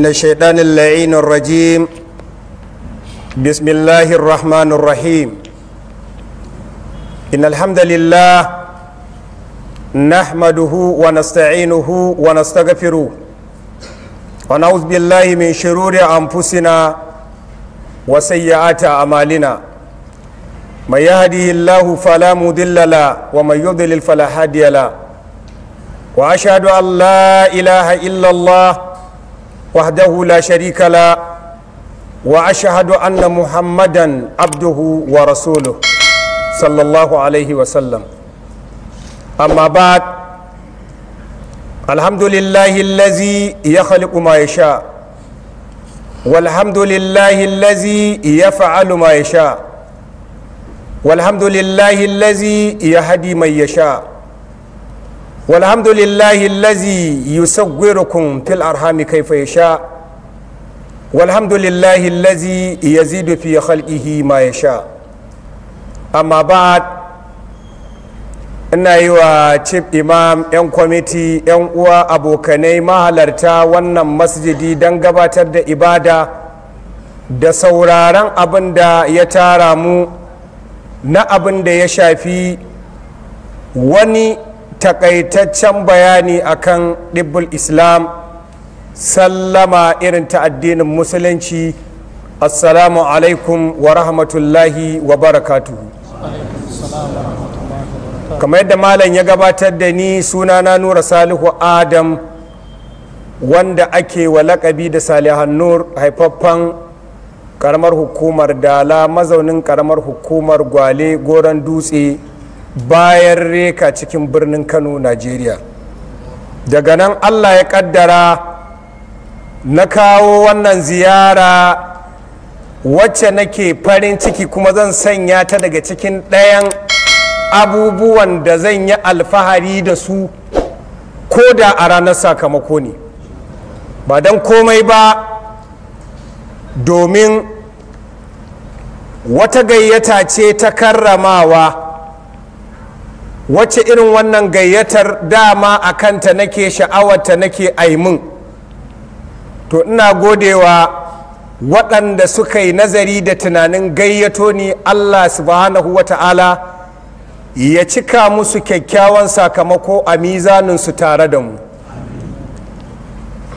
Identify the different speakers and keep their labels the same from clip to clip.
Speaker 1: من الشيطان اللعين الرجيم بسم الله الرحمن الرحيم إن الحمد لله نحمده ونستعينه ونستغفره ونعوذ بالله من شرور أنفسنا وسيئات أعمالنا من يهده الله فلا مضل له ومن يضلل فلا هادي له وأشهد أن لا إله إلا الله وحده لا شريك له واشهد ان محمدا عبده ورسوله صلى الله عليه وسلم اما بعد الحمد لله الذي يخلق ما يشاء والحمد لله الذي يفعل ما يشاء والحمد لله الذي يهدي من يشاء walhamdulillahi lazi yusawwirukum fil arhami kaifa sha walhamdulillahi lazi yazidu fi khalqihi ma yasha amma ba ina yi wa chief imam 'yan kwamiti 'yan uwa abokanai mahalarta wannan masjidi don gabatar da ibada da sauraron abin da ya tara mu na abin da ya shafi wani takaitaccen bayani akan dibbul islam sallama irin ta addinin musulunci assalamu alaikum wa rahmatullahi wa barakatu. kamar yadda malam ya gabatar da ni sunana nura salihu adam wanda ake wa lakabi da salihan nur haifaffen karamar hukumar dala mazaunin karamar hukumar gwale goron dutse bayan reka cikin birnin kano najeriya daga nan allah ya kaddara na kawo wannan ziyara wacce nake farin ciki kuma zan sanya ta daga cikin ɗayan abubuwan da zan yi alfahari da su ko da a ranar sakamako ne ba don komai ba domin wata gayyata ce ta karramawa wacce irin wannan gayyatar dama a kanta nake sha'awarta nake aimin to ina godewa waɗanda suka yi nazari da tunanin gayyato ni allah subhanahu wa ta'ala ya cika musu kyakkyawan sakamako a mizaninsu tare da mu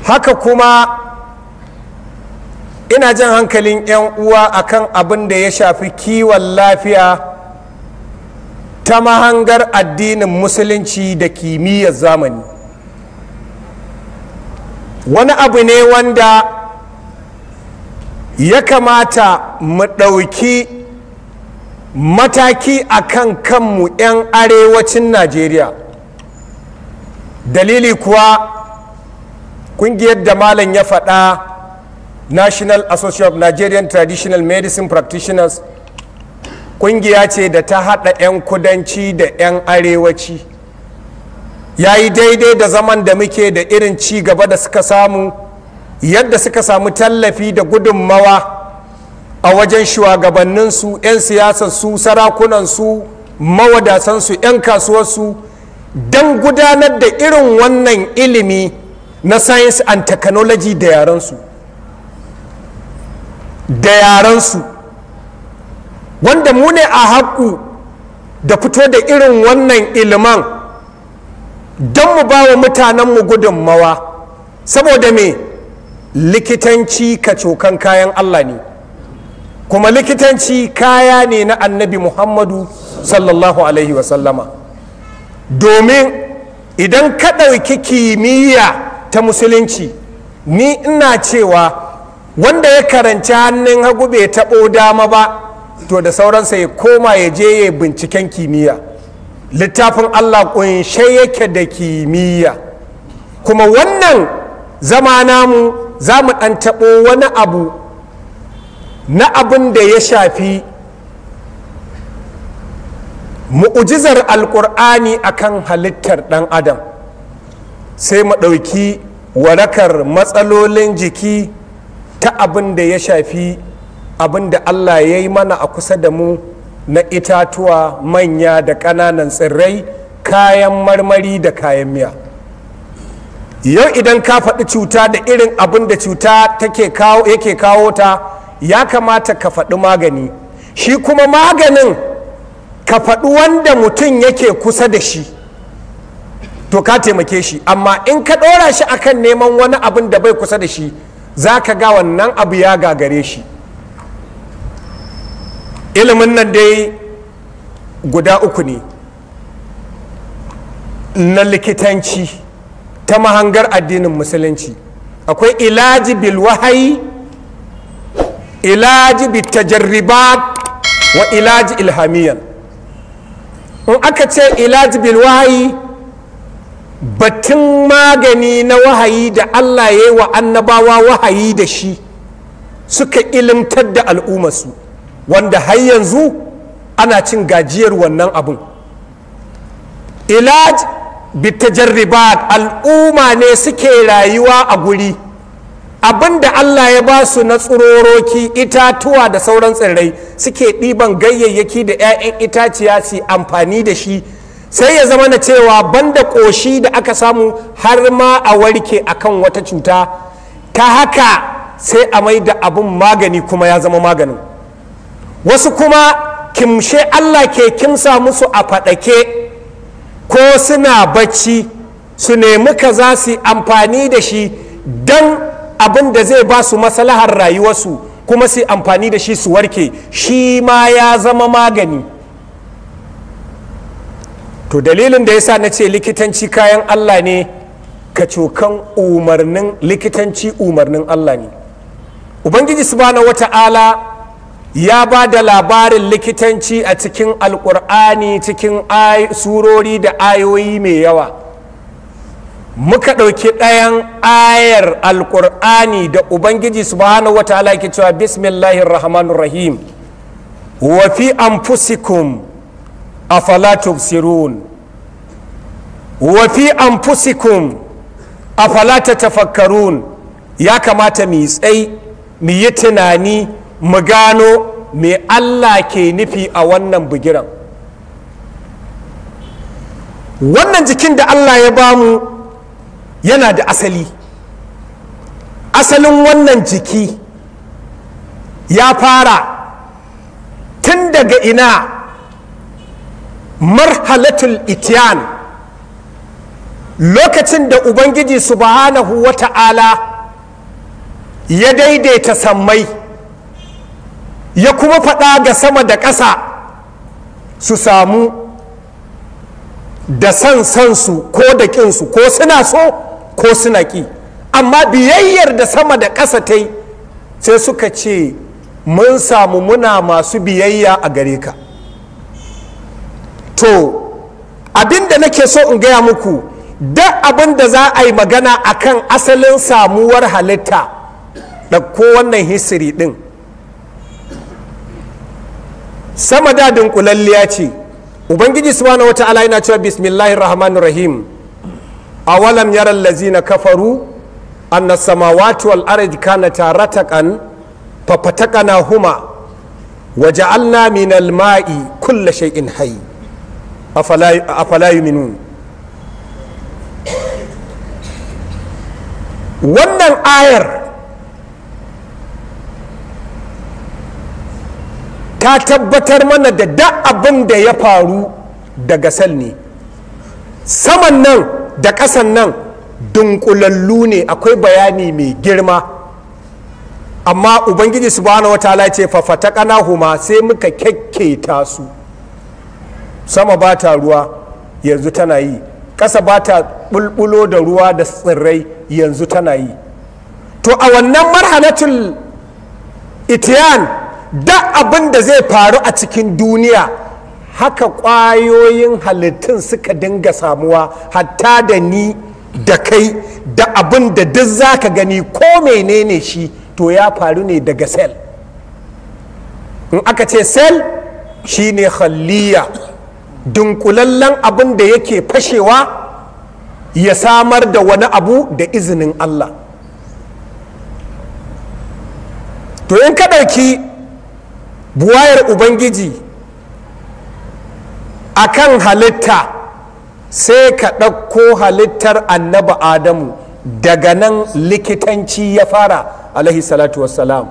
Speaker 1: haka kuma ina jan hankalin 'yan uwa akan abin da ya shafi kiwon lafiya ta mahangar addinin musulunci da kimiyyar zamani wani abu ne wanda ya kamata mu ɗauki mataki a kan kanmu 'yan arewacin najeriya dalili kuwa kungiyar da malam ya faɗa national association of nigerian traditional medicine practitioners kungiya ce da ta haɗa 'yan kudanci da 'yan arewaci ya yi daidai da zaman da muke da irin ci gaba da suka samu yadda suka samu tallafi da gudunmawa a wajen shugabanninsu 'yan siyasarsu sarakunansu mawadasansu 'yan kasuwarsu don gudanar da irin wannan ilimi na science and technology da yaransu da yaransu wanda mu ne a haƙu da fito da irin wannan ilman don mu ba wa mutanenmu gudunmawa saboda me likitanci cokan kayan allah ne kuma likitanci kaya ne na annabi muhammadu sallallahu alaihi wasallama domin idan ka ɗauki kimiyya ta musulunci ni ina cewa wanda ya karanci hannun hagu bai taɓo dama ba to da sauransa ya koma ya je ya binciken kimiyya littafin allah ƙunshe yake da kimiyya kuma wannan zama namu za mu ɗan taɓo wani abu na abin da ya shafi mu'ujizar alƙur'ani akan halittar ɗan adam sai mu ɗauki warakar matsalolin jiki ta abin da ya shafi abin da allah ya yi mana a kusa da mu na itatuwa manya da ƙananan tsirrai kayan marmari da kayan miya yau idan ka faɗi cuta da irin abin da cuta yake kawo ta ya kamata ka faɗi magani shi kuma maganin ka faɗi wanda mutum yake kusa da shi to ka taimake shi amma in ka ɗora shi akan neman wani abin da bai kusa da shi za ka ga wannan abu ya gagare shi ilimin nan dai guda uku ne na likitanci ta mahangar addinin musulunci akwai ilaji bil wahayi ilaji bil tajarribat wa ilaji ilhamiyan in aka ce ilaji bil wahayi batun magani na wahayi da Allah ya yi wa annabawa wahayi da shi suka ilimtar da al'ummarsu wanda har yanzu ana cin gajiyar wannan abun ilaj bitajarribat al'umma ne suke rayuwa a guri abinda Allah ya ba su na tsuroroki itatuwa da sauran tsirrai suke ɗiban gayyayyaki da 'ya'yan itaciya su amfani da shi sai ya zama na cewa banda ƙoshi da aka samu har ma a warke kan wata cuta ta haka sai a mai da abin magani kuma ya zama maganin wasu kuma kimshe Allah ke kimsa musu a faɗake ko suna bacci su nemi ka za su amfani da shi don abin da zai ba su masalahar rayuwarsu kuma su amfani da shi su warke shi ma ya zama magani to dalilin da yasa na ce likitanci kayan Allah ne ka cokan umarnin likitanci umarnin Allah ne ubangiji subhanahu wata'ala ya ba da labarin likitanci a cikin alkur'ani cikin surori da ayoyi mai yawa muka ɗauki ɗayan ayar alkur'ani da ubangiji subhanahu wataala ke cewa bismillahir rahmanir rahim wa fi anfusikum afala tubsirun wa fi anfusikum afala tatafakkarun ya kamata mu yi tsayi mu yi tunani mu gano me Allah ke nufi a wannan bugiran wannan jikin da Allah ya bamu yana da asali asalin wannan jiki ya fara tun daga ina marhalatul itiyan lokacin da ubangiji subhanahu wa ta'ala ya daidaita sammai ya kuma faɗa ga sama da ƙasa su samu da san sansu ko da ƙinsu ko suna so ko suna ƙi amma biyayyar da sama da ƙasa ta yi sai suka ce mun samu muna masu biyayya a gare ka to abinda nake so in gaya muku duk abin da za a yi magana akan asalin samuwar halitta ɗauko wannan hisiri ɗin sama da dunkulalliya ce ubangiji subhanahu wata'ala yana cewa bismillahir rahmanir rahim awalam yaral lazina kafaru anna samawati wal ardi kanata rataqan fafatakana huma waja'alna minal ma'i kulla shay'in hayy afala yuminun wannan ayar ta tabbatar mana da da abin da ya faru daga sal ne saman nan da ƙasan nan dunkulallu ne akwai bayani mai girma amma ubangiji subhanahu wa ta'ala ce fafata huma sai muka kyakketa su sama ba ta ruwa yanzu tana yi ƙasa ba ta bulbulo da ruwa da tsirrai yanzu tana yi to a wannan marhalatul itiyan da abin da zai faru a cikin duniya haka ƙwayoyin halittun suka dinga samuwa hatta da ni da kai da abin da duk za ka gani ko menene shi to ya faru ne daga sel in aka ce sel shi ne halliya dunkulallen abin da yake fashewa ya samar da wani abu da izinin allah to in ka ɗauki buwayar ubangiji a kan halitta sai ka ɗauko halittar annaba adamu daga nan likitanci ya fara alaihi salatu wassalam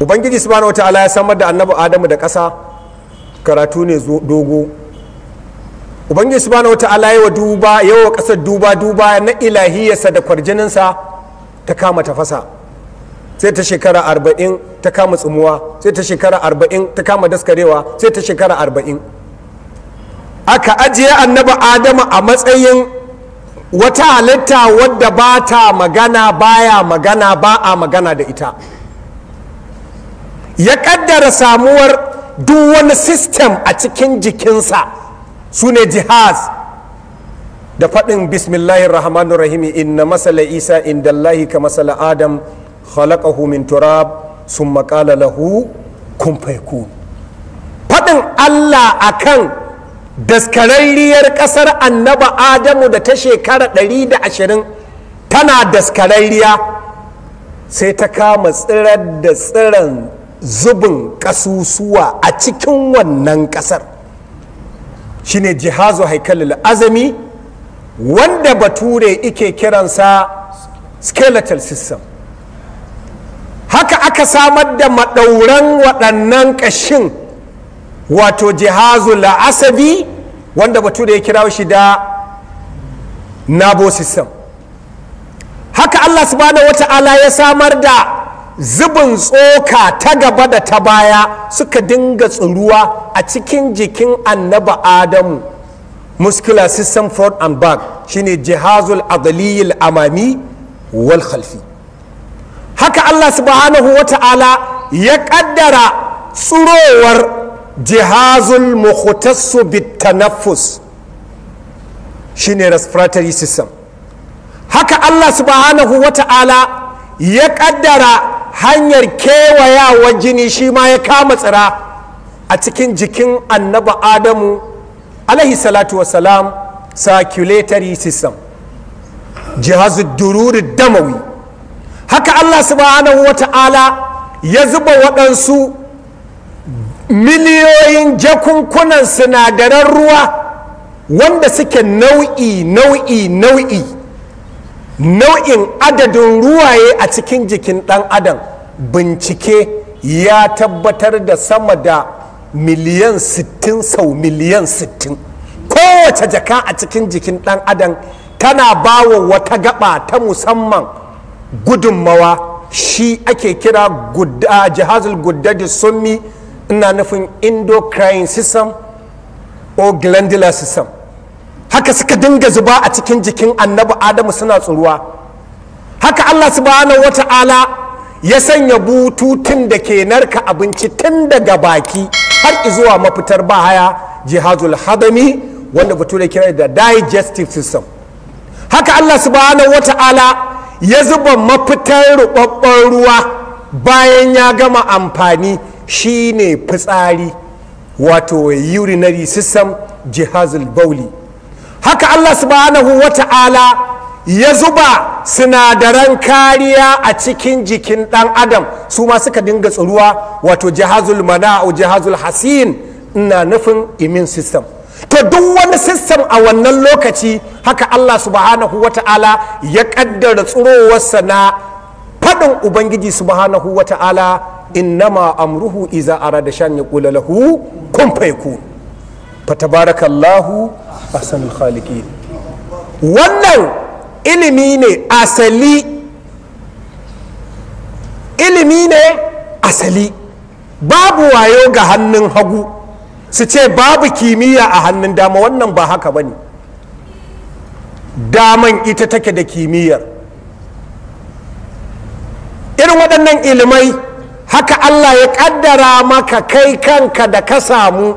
Speaker 1: ubangiji subhanahu wa ta'ala ya samar da annaba adamu da ƙasa karatu ne dogo ubangiji subhanahu wa ta'ala yawa duba yawa ƙasar duba duba na ilahiyarsa da kwarjininsa ta kama tafasa fasa sai ta shekara arba'in ta kama tsumuwa sai ta shekara arba'in ta kama daskarewa sai ta shekara arba'in aka ajiye annaba adama a matsayin wata halitta wadda ba ta magana baya magana ba a magana da ita ya kaddara samuwar duk wani sistem a cikin jikinsa su ne jihaz da faɗin bismillahir inna masala isa indallahi ka masala adam khalaqahu min turab summa qala lahu kun fayakun faɗin Allah akan daskararriyar ƙasar annaba Adamu da ta shekara ɗari da ashirin tana daskararriya sai ta kama tsirar da tsiran zubin ƙasusuwa a cikin wannan ƙasar shine jihazu haikalil azami wanda bature ike kiransa skeletal system haka aka samar da maɗauran waɗannan ƙashin wato jihazu la'asabi wanda batu da ya kira shi da nabo system haka allah subhanahu wa ta'ala ya samar da zubin tsoka ta gaba da ta baya suka dinga tsuruwa a cikin jikin annaba adamu muscular system front and back shine jihazul adliyil amami wal khalfi haka allah subhanahu wa ta'ala ya kaddara tsurowar jihazul bitanafus shi shine respiratory system haka allah subhanahu wa ta'ala ya kaddara hanyar kewayawar jini shi ma ya kama tsira a cikin jikin annabi adamu alaihi salatu wasalam circulatory system jihazul dururi damawi haka Allah subhanahu wa ta'ala ya zuba waɗansu miliyoyin jakunkunan sinadaran ruwa wanda suke nau'i nau'i nau'i nau'in adadin ruwaye a cikin jikin ɗan adam bincike ya tabbatar da sama da miliyan 60 sau miliyan 60 kowace jaka a cikin jikin ɗan adam tana bawa wata gaba ta musamman gudunmawa shi ake kira jihazul guddadi summi ina nufin endocrine system o glandular system haka suka dinga zuba a cikin jikin annabi adamu suna tsuruwa haka allah subhanahu wata'ala ya sanya bututun da ke narka abinci tun daga baki har zuwa mafitar bahaya jihazul hadami wanda bature kira da digestive system haka allah subhanahu wata'ala ya zuba mafitar rubabban ruwa bayan ya gama amfani shine fitsari wato urinary system jihazul bauli haka allah subhanahu wa ta'ala ya zuba sinadaran kariya a cikin jikin dan adam su ma suka dinga tsuruwa wato jihazul mana'u jihazul hasin ina nufin immune system to duk wani sistem a wannan lokaci haka Allah subhanahu wa ta'ala ya kaddara tsurowarsa na faɗin ubangiji subhanahu wa in innama amruhu iza da shan ya kula lahu kun faiku fatabarakallahu ahsanul khaliki wannan ilimi ne asali ilimi ne asali babu wayo ga hannun hagu su ce babu kimiyya a hannun dama wannan ba haka ba ne daman ita take da kimiyyar irin waɗannan ilimai haka allah ya ƙaddara maka kai kanka da ka samu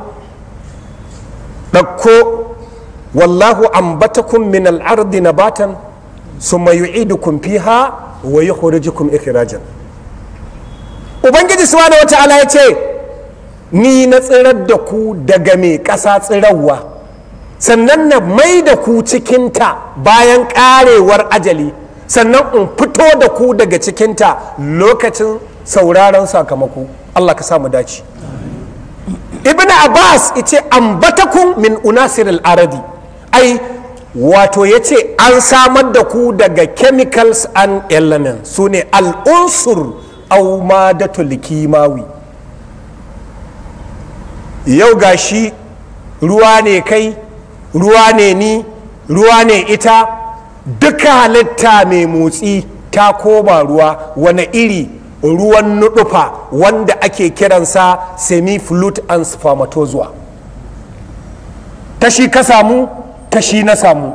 Speaker 1: ɗauko wallahu ambatakum min al'ardi nabatan summa yu'idukum fiha wa yukhrijukum ikhrajan ubangiji da wata ala ya ce ni na tsirar da ku daga mai ƙasa tsirarwa sannan na mai da ku cikinta bayan ƙarewar ajali sannan in fito da ku daga cikinta lokacin sauraron sakamako Allah ka samu dace ibn abbas ice ambatakun min unasir al-aradi ai wato ya ce an samar da ku daga chemicals and elements su ne al'unsur au madatul kimawi yau gashi ruwa ne kai ruwa ne ni ruwa ne ita duka halitta mai motsi ta koma ruwa wani iri ruwan nuɗufa wanda ake kiransa semi-flute and spermatozoa tashi ka samu tashi na samu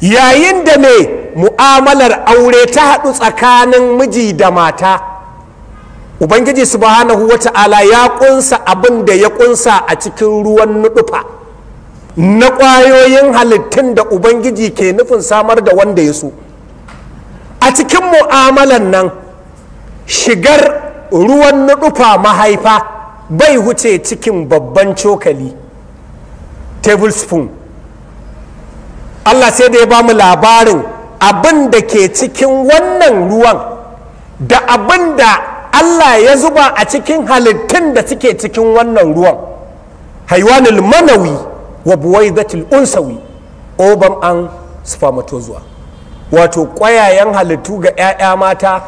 Speaker 1: yayin da mai mu'amalar aure ta haɗu tsakanin miji da mata ubangiji subhanahu wata'ala ya kunsa abin da ya kunsa a cikin ruwan nuɗufa na ƙwayoyin halittun da ubangiji ke nufin samar da wanda ya so a cikin mu'amalan nan shigar ruwan nuɗufa mahaifa bai huce cikin babban cokali tablespoon allah sai da ya ba mu labarin abin da ke cikin wannan ruwan da abin da Allah ya zuba a cikin halittun da suke cikin wannan ruwan haiwanul manawi wa buwaidatul unsawi oban an spermatozoa wato ƙwayayen halittu ga 'ya'ya mata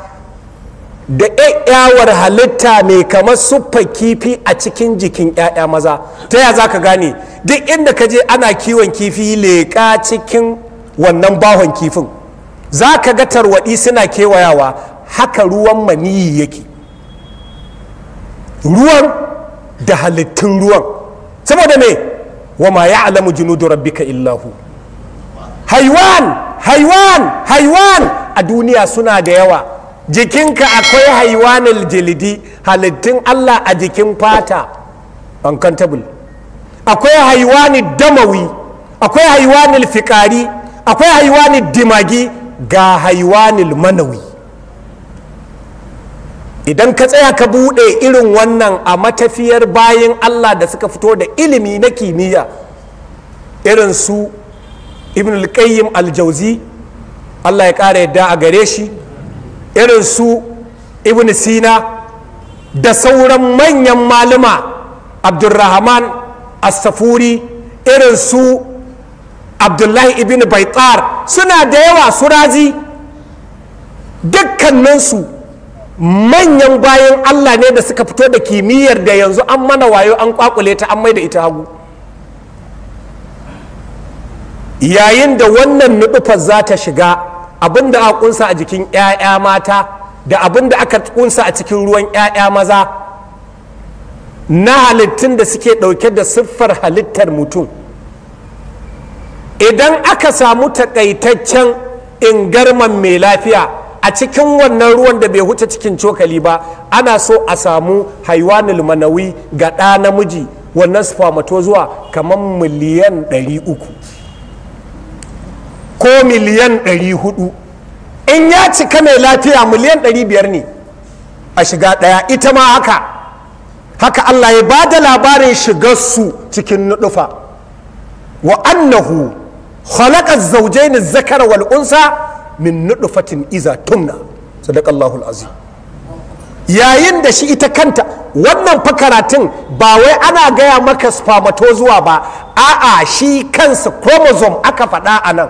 Speaker 1: da 'ya'yawar halitta mai kamar suffa kifi a cikin jikin 'ya'ya maza ta ya za ka gane duk inda ka je ana kiwon kifi leƙa cikin wannan bahon kifin za ka ga tarwaɗi suna kewayawa haka ruwan maniyi yake ruwan da halittun ruwan saboda me wa ma alamu junudu rabbika illahu haiwan haiwan haiwan a duniya suna da yawa jikinka akwai haiwanin jilidi halittun Allah a jikin fata uncountable akwai haiwani damawi akwai haiwanin fikari akwai haiwanin dimagi ga haiwanin manawi idan ka tsaya ka buɗe irin wannan a matafiyar bayan allah da suka fito da ilimi na kimiyya irin su ibn al-qayyim al-jauzi allah ya ƙara yadda a gare shi irin su ibn sina da sauran manyan malama abdurrahman as-safuri irin su abdullahi ibn baitar suna da yawa su razi dukkaninsu manyan bayan Allah ne da suka fito da kimiyyar da yanzu an mana wayo an kwakule ta an mai da ita hagu yayin da wannan nudufar za ta shiga abin da aka kunsa a jikin 'ya'ya mata da abin da aka kunsa a cikin ruwan 'ya'ya maza na halittun da suke ɗauke da siffar halittar mutum idan aka samu takaitaccen ingarman mai lafiya a cikin wannan ruwan da bai huce cikin cokali ba ana so a samu haiwanul manawi ga ɗa namiji wannan spermatozoa kamar miliyan 300 ko miliyan 400 in ya cika mai lafiya miliyan 500 ne a shiga ɗaya ita ma haka haka Allah ya ba da labarin su cikin nuɗufa wa annahu khalaqa zawjayn zakara wal unsa min fatin iza tumna sadaqallahu azim yayin da shi ita kanta wannan fa ba wai ana gaya maka spamato zuwa ba a'a shi kansa chromosome aka faɗa a nan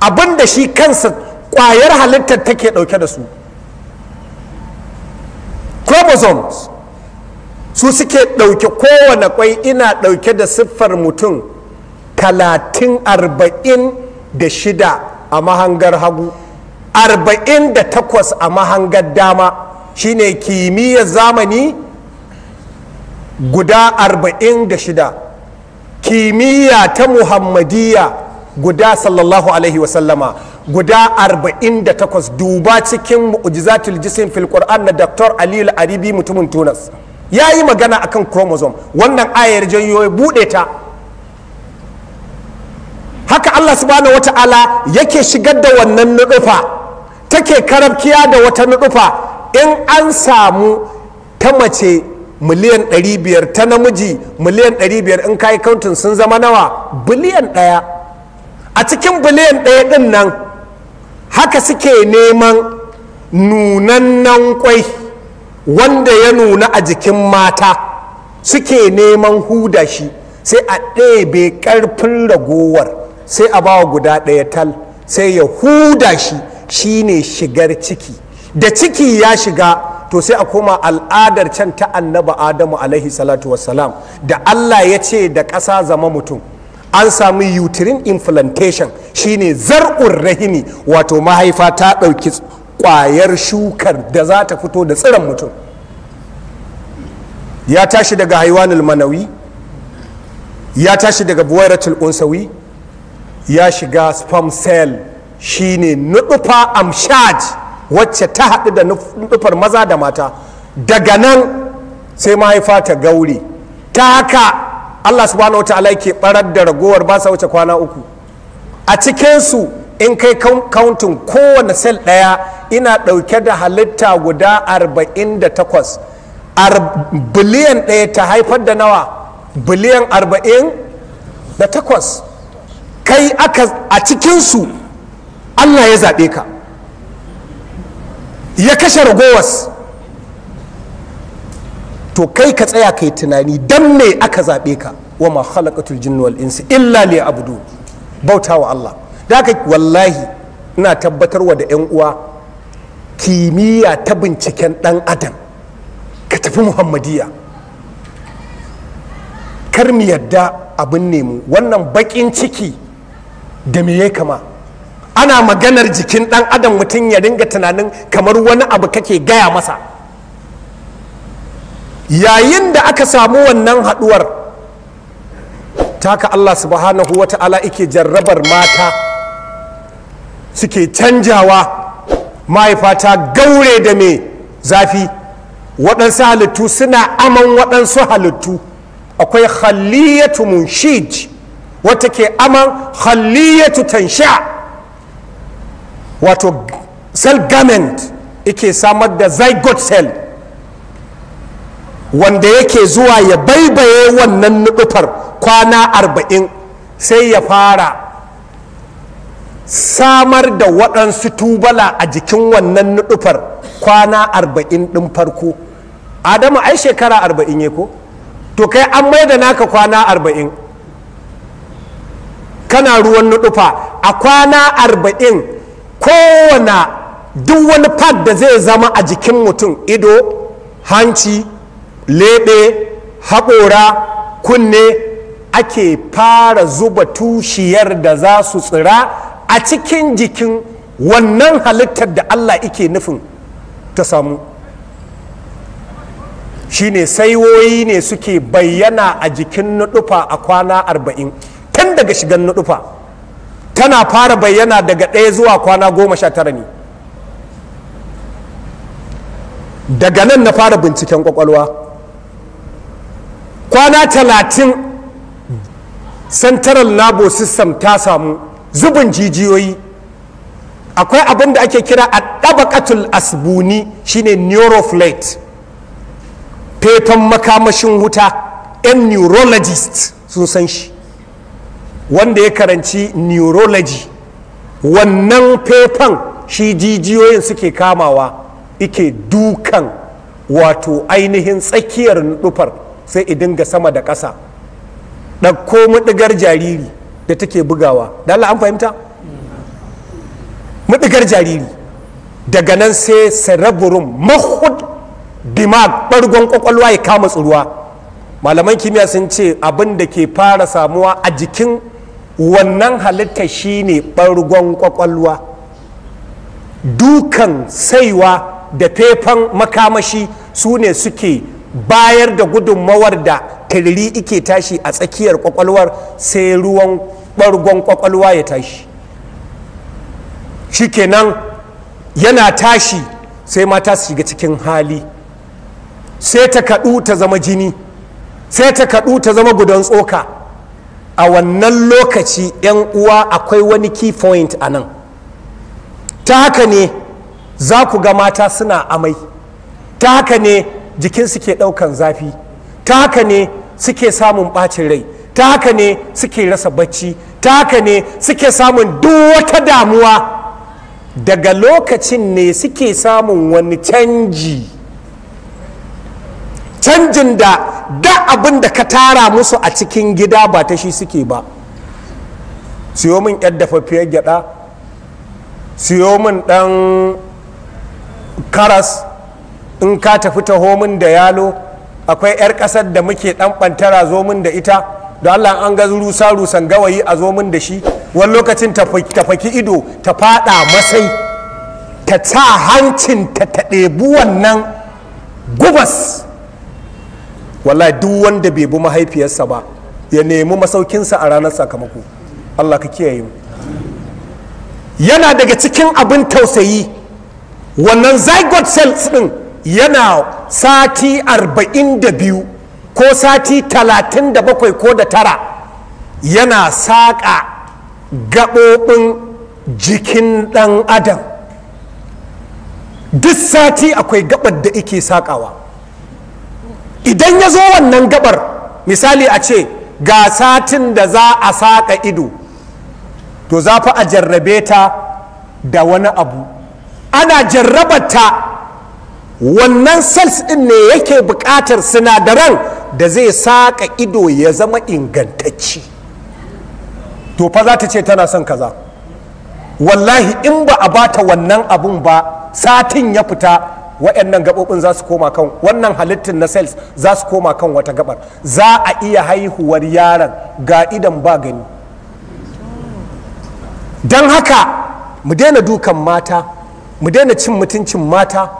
Speaker 1: abin shi kansa ƙwayar halittar take ɗauke da su chromosomes su suke ɗauke kowane kwai ina ɗauke da siffar mutum talatin arba'in da shida a mahangar hagu 48 a mahangar dama shine kimiyyar zamani guda 46 kimiyya ta muhammadiyya guda sallallahu alaihi wasallama guda 48 duba cikin mu'ujizatul jisim fil qur'an na dr aliyu aribi mutumin tunas ya yi magana akan chromosome wannan ayar janyo ya bude ta haka Allah subhanahu wata'ala yake shigar da wannan nufa take karabkiya da wata nufa in an samu ta mace miliyan 500 ta namiji miliyan 500 in kayi kantin sun zama nawa biliyan ɗaya a cikin biliyan ɗaya ɗin nan haka suke neman nunannan kwai wanda ya nuna a jikin mata suke neman huda shi sai a ɗebe ƙarfin ragowar sai a bawa guda ɗaya tal sai ya huda shi shine shigar ciki da ciki ya shiga to sai a koma al'adar can ta annaba adamu alaihi salatu wassalam da allah ya ce da ƙasa zama mutum an samu uterine implantation shine zar'un rahimi wato mahaifa ta ɗauki ƙwayar shukar da za ta fito da tsiran mutum ya tashi daga haiwanul manawi ya tashi daga buwairatul unsawi ya shiga sperm cell shine nufa amshaj wacce ta haɗu da nufar maza da mata daga nan sai mahaifa ta gauri, ta haka allah subhanahu wa ta'ala ke barar da ragowar ba sa wuce kwana uku a cikinsu in kai kauntin kowane sel ɗaya ina ɗauke da halitta guda 48 biliyan ɗaya ta haifar da nawa biliyan 48 kai aka a cikinsu allah ya zaɓe ka ya kashe ragowas to kai ka tsaya kai tunani dan me aka zaɓe ka wa ma khalaqatul wal insi illa ne abudu bauta wa Allah da aka wallahi ina tabbatar wa da yan uwa kimiyya ta binciken dan adam ka tafi muhammadiyya. kar mu yadda abin nemu wannan baƙin ciki da me ya kama ana maganar jikin ɗan adam mutum ya ringa tunanin kamar wani abu kake gaya masa yayin da aka samu wannan haɗuwar taka allah subhanahu wa ta'ala ike jarrabar mata suke canjawa mahaifa ta gaure da mai zafi waɗansu halittu suna aman waɗansu halittu akwai halliyatu munshij wata ke aman halliyatu tansha wato cell garment ike samar da zygote cell wanda yake zuwa ya baibaye wannan nufar kwana arba'in sai ya fara samar da waɗansu tubala a jikin wannan nufar kwana arba'in ɗin farko adamu ai shekara arba'in ya ko to kai an maida naka kwana arba'in kana ruwan nuɗufa a kwana arba'in kowane duk wani pad da zai zama a jikin mutum ido hanci leɓe haƙora kunne ake fara zuba tushiyar da za su tsira a cikin jikin wannan halittar da allah ike nufin ta samu shine saiwoyi ne suke bayyana a jikin nuɗufa a kwana arba'in tun daga shigan nufa tana fara bayyana daga ɗaya zuwa kwana goma sha tara ne daga nan na fara binciken kwakwalwa kwana talatin central labo system ta samu zubin jijiyoyi akwai abin da ake kira a ɗabakatul asbuni shine neuroflate faifan makamashin wuta 'yan neurologist sun san shi wanda ya karanci neurology wannan faifan shi jijiyoyin suke kamawa ike dukan wato ainihin tsakiyar nufar sai idin ga sama da ƙasa ɗauko maɗigar jariri da take bugawa da Allah an fahimta maɗigar jariri daga nan sai cerebrum mahud dimag ɓargon ƙwaƙwalwa ya kama tsuruwa malaman kimiyya sun ce abin da ke fara samuwa a jikin wannan halitta shine ɓargon ƙwaƙwalwa dukan saiwa da fefan makamashi su ne suke bayar da gudunmawar da tiriri ike tashi a tsakiyar ƙwaƙwalwar sai ruwan ɓargon ƙwaƙwalwa ya tashi shi shikenan yana tashi sai mata su shiga cikin hali sai ta kaɗu ta zama jini sai ta kaɗu ta zama gudan tsoka a wannan lokaci 'yan uwa akwai wani key point a nan ta haka ne za ku ga mata suna amai ta haka ne jikin suke ɗaukan zafi ta haka ne suke samun ɓacin rai ta haka ne suke rasa bacci ta haka ne suke samun duk wata damuwa daga lokacin ne suke samun wani canji canjin da da abin da ka tara musu a cikin gida ba ta shi suke ba siyo min yar dafaffiyar gyada siyo min dan karas in ka tafi taho min da yalo akwai 'yar kasar da muke dan bantara zo min da ita da Allah an ga rusa rusan gawayi a zo min da shi wani lokacin ta faki ido ta fada masai ta ta hancin ta tabe wannan gubas wallahi duk wanda bai bi mahaifiyarsa ba ya nemi masaukinsa a ranar sakamako Allah ka kiyaye mu yana daga cikin abin tausayi wannan zygote cells din yana sati 42 ko sati 37 ko da tara yana saƙa gaɓoɓin jikin ɗan adam duk sati akwai gaɓar da ike saƙawa idan ya zo wannan gabar misali a ce ga satin da za a saƙa ido to za fa a jarrabe ta da wani abu ana jarrabata wannan sels ɗin ne yake buƙatar sinadaran da zai saƙa ido ya zama ingantacci to fa za ta ce tana son kaza wallahi in ba a bata wannan abun ba satin ya fita waɗannan gaɓoɓin za su koma kan wannan halittin na cells za su koma kan wata gabar za a iya haihuwar yaran ga idan ba gani don haka mu daina dukan mata mu daina cin mutuncin mata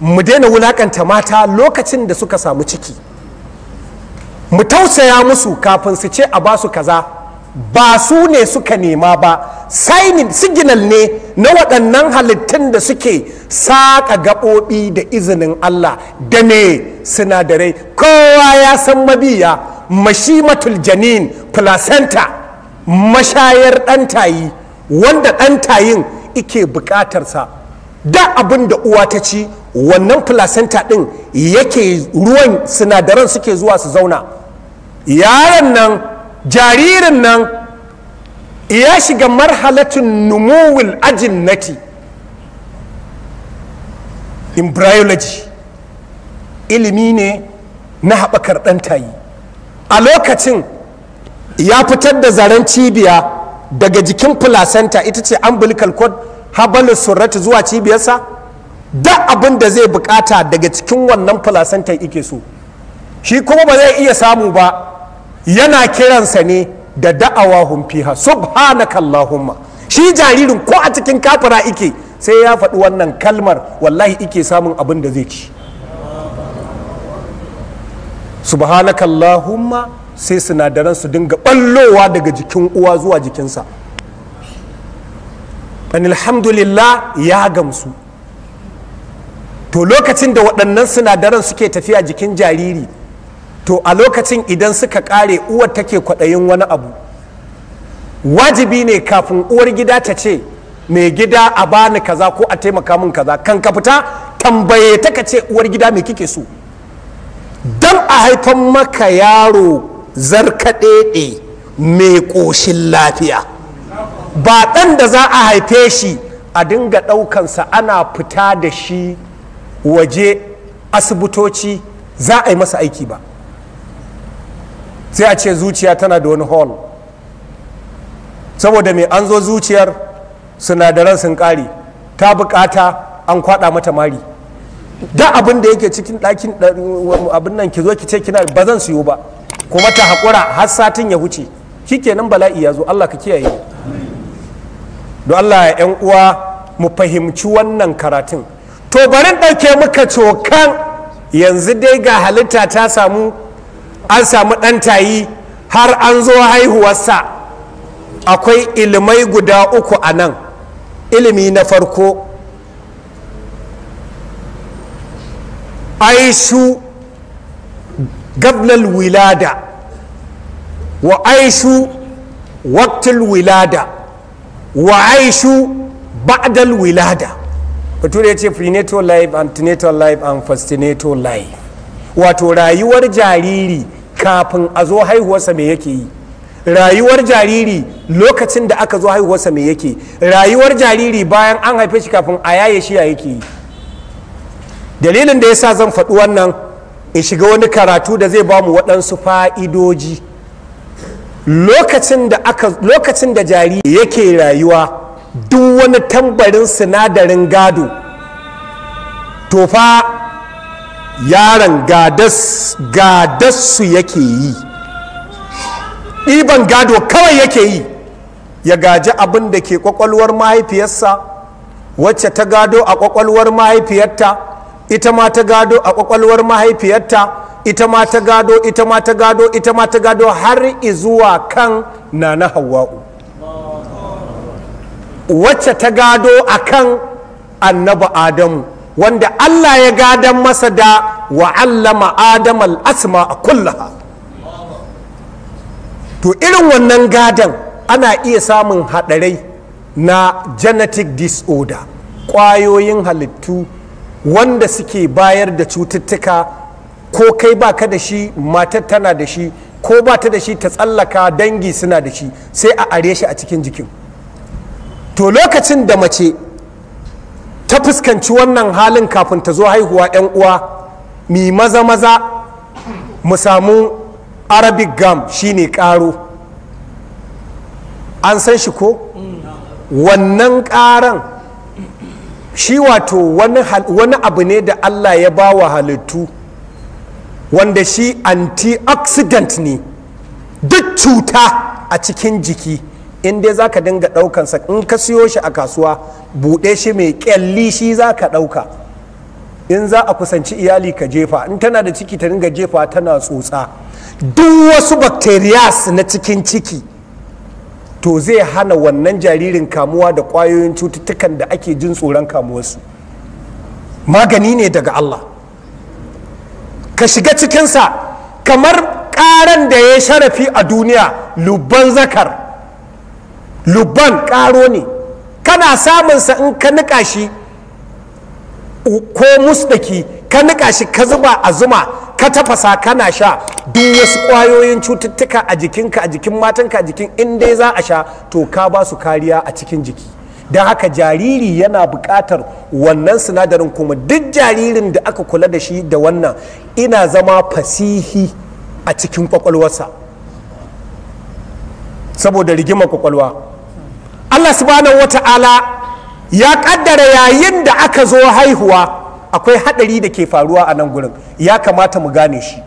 Speaker 1: mu daina wulakanta mata lokacin da suka samu ciki mu tausaya musu kafin su ce a basu kaza ba su ne suka nema ba signal ne na waɗannan halittun da suke saƙa gaɓoɓi da izinin Allah da ne sinadarai kowa ya san mabiya mashimatul janin placenta mashayar ɗantayi wanda ɗantayin ike buƙatarsa da abin da uwa ta ci wannan placenta ɗin yake ruwan sinadaran suke zuwa su zauna yaron nan jaririn nan ya shiga marhalatin numuwil ajin nati embryology ilimi ne na haɓakar ɗantayi a lokacin ya fitar da zaren cibiya daga jikin placenta ita ce umbilical cord habalus surrati zuwa cibiyarsa da abin da zai bukata daga cikin wannan placenta ike so shi kuma ba zai iya samu ba yana kiransa ne da da'awa humfiha subhanakallahumma shi jaririn ko a cikin kafara ike sai ya faɗi wannan kalmar wallahi ike samun abin da zai ci subhanakallahumma sai sinadaran su dinga ɓallowa daga jikin uwa zuwa jikinsa an alhamdulillah ya gamsu to lokacin da waɗannan sinadaran suke tafiya jikin jariri to a lokacin idan suka kare uwar take kwaɗayin wani abu wajibi ne kafin uwar gida ta ce mai gida a bani kaza ko a taimaka min kaza kan ka fita tambaye ta ka ce uwar gida mai kike so Don a haifan maka yaro zarkaɗeɗe mai ƙoshin lafiya ba ɗan da za a haife shi a dinga ɗaukansa ana fita da shi waje asibitoci za a yi masa aiki ba sai a ce zuciya tana da wani hall saboda mai an zo zuciyar sinadaran sun kare ta bukata an kwada mata mari da abin da yake cikin ɗakin abin nan ki zo ki ce kina ba zan siyo ba kuma ta hakura har satin ya huce nan bala'i ya zo Allah ka kiyaye don Allah ya yan uwa mu fahimci wannan karatun to barin ɗauke muka cokan yanzu dai ga halitta ta samu an samu ɗan tayi har an zo haihuwarsa akwai ilimai guda uku a nan ilimi na farko aishu gablal wilada wa aishu waktul wilada wa aishu ba'dal wilada ba ya ce prenatal life antenatal life and fascinator life wato rayuwar jariri kafin a zo haihuwarsa me yake yi rayuwar jariri lokacin da aka zo haihuwarsa me yake rayuwar jariri bayan an haife shi kafin a yaye shi ya yake yi dalilin da ya sa zan faɗi wannan in shiga wani karatu da zai ba mu waɗansu fa'idoji lokacin da jariri yake rayuwa duk wani tambarin sinadarin gado to fa yaron gadassu yake yi ɗiban gado kawai yake yi ya gaji abin da ke kwakwalwar mahaifiyarsa wacce ta gado a kwakwalwar mahaifiyarta ita ma ta gado a kwakwalwar mahaifiyarta ita ma ta gado ita ma ta gado ita ma ta gado har izuwa kan nana hawa'u wacce ta gado a kan annabi adamu wanda Allah ya gada masa da wa'allama adam al'asma a kullaha to irin wannan gadon ana iya samun haɗarai na genetic disorder ƙwayoyin halittu wanda suke bayar da cututtuka ko kai baka da shi matar tana da shi ko ba ta da shi ta tsallaka dangi suna da shi sai a are shi a cikin jikin to lokacin da mace ta fuskanci wannan halin kafin ta zo haihuwa 'yan uwa mi maza maza mu samu arabic gam shine karo an san shi ko wannan karan shi wato wani abu ne da allah ya ba wa halittu wanda shi antioxidant ne duk cuta a cikin jiki in dai za ka dinga ɗaukansa in ka siyo shi a kasuwa buɗe shi mai ƙyalli shi za ka ɗauka in za a kusanci iyali ka jefa in tana da ciki ta dinga jefa tana tsotsa duk wasu bacterias na cikin ciki to zai hana wannan jaririn kamuwa da ƙwayoyin cututtukan da ake jin tsoron kamuwarsu magani ne daga allah ka shiga cikinsa kamar ƙaran da ya sharafi a duniya lubban zakar lubban ƙaro ne kana samun sa in ka niƙa shi ko musdaki ka niƙa shi ka zuba a zuma ka tafasa kana sha duk wasu kwayoyin cututtuka a jikinka a jikin matanka a jikin in dai za a sha to ka ba su kariya a cikin jiki don haka jariri yana buƙatar wannan sinadarin kuma duk jaririn da aka kula da shi da wannan ina zama fasihi a cikin kwakwalwarsa saboda rigimar kwakwalwa. allah subhanahu wata'ala ya kaddara yayin da aka zo haihuwa akwai hadari da ke faruwa a nan gurin ya kamata mu gane shi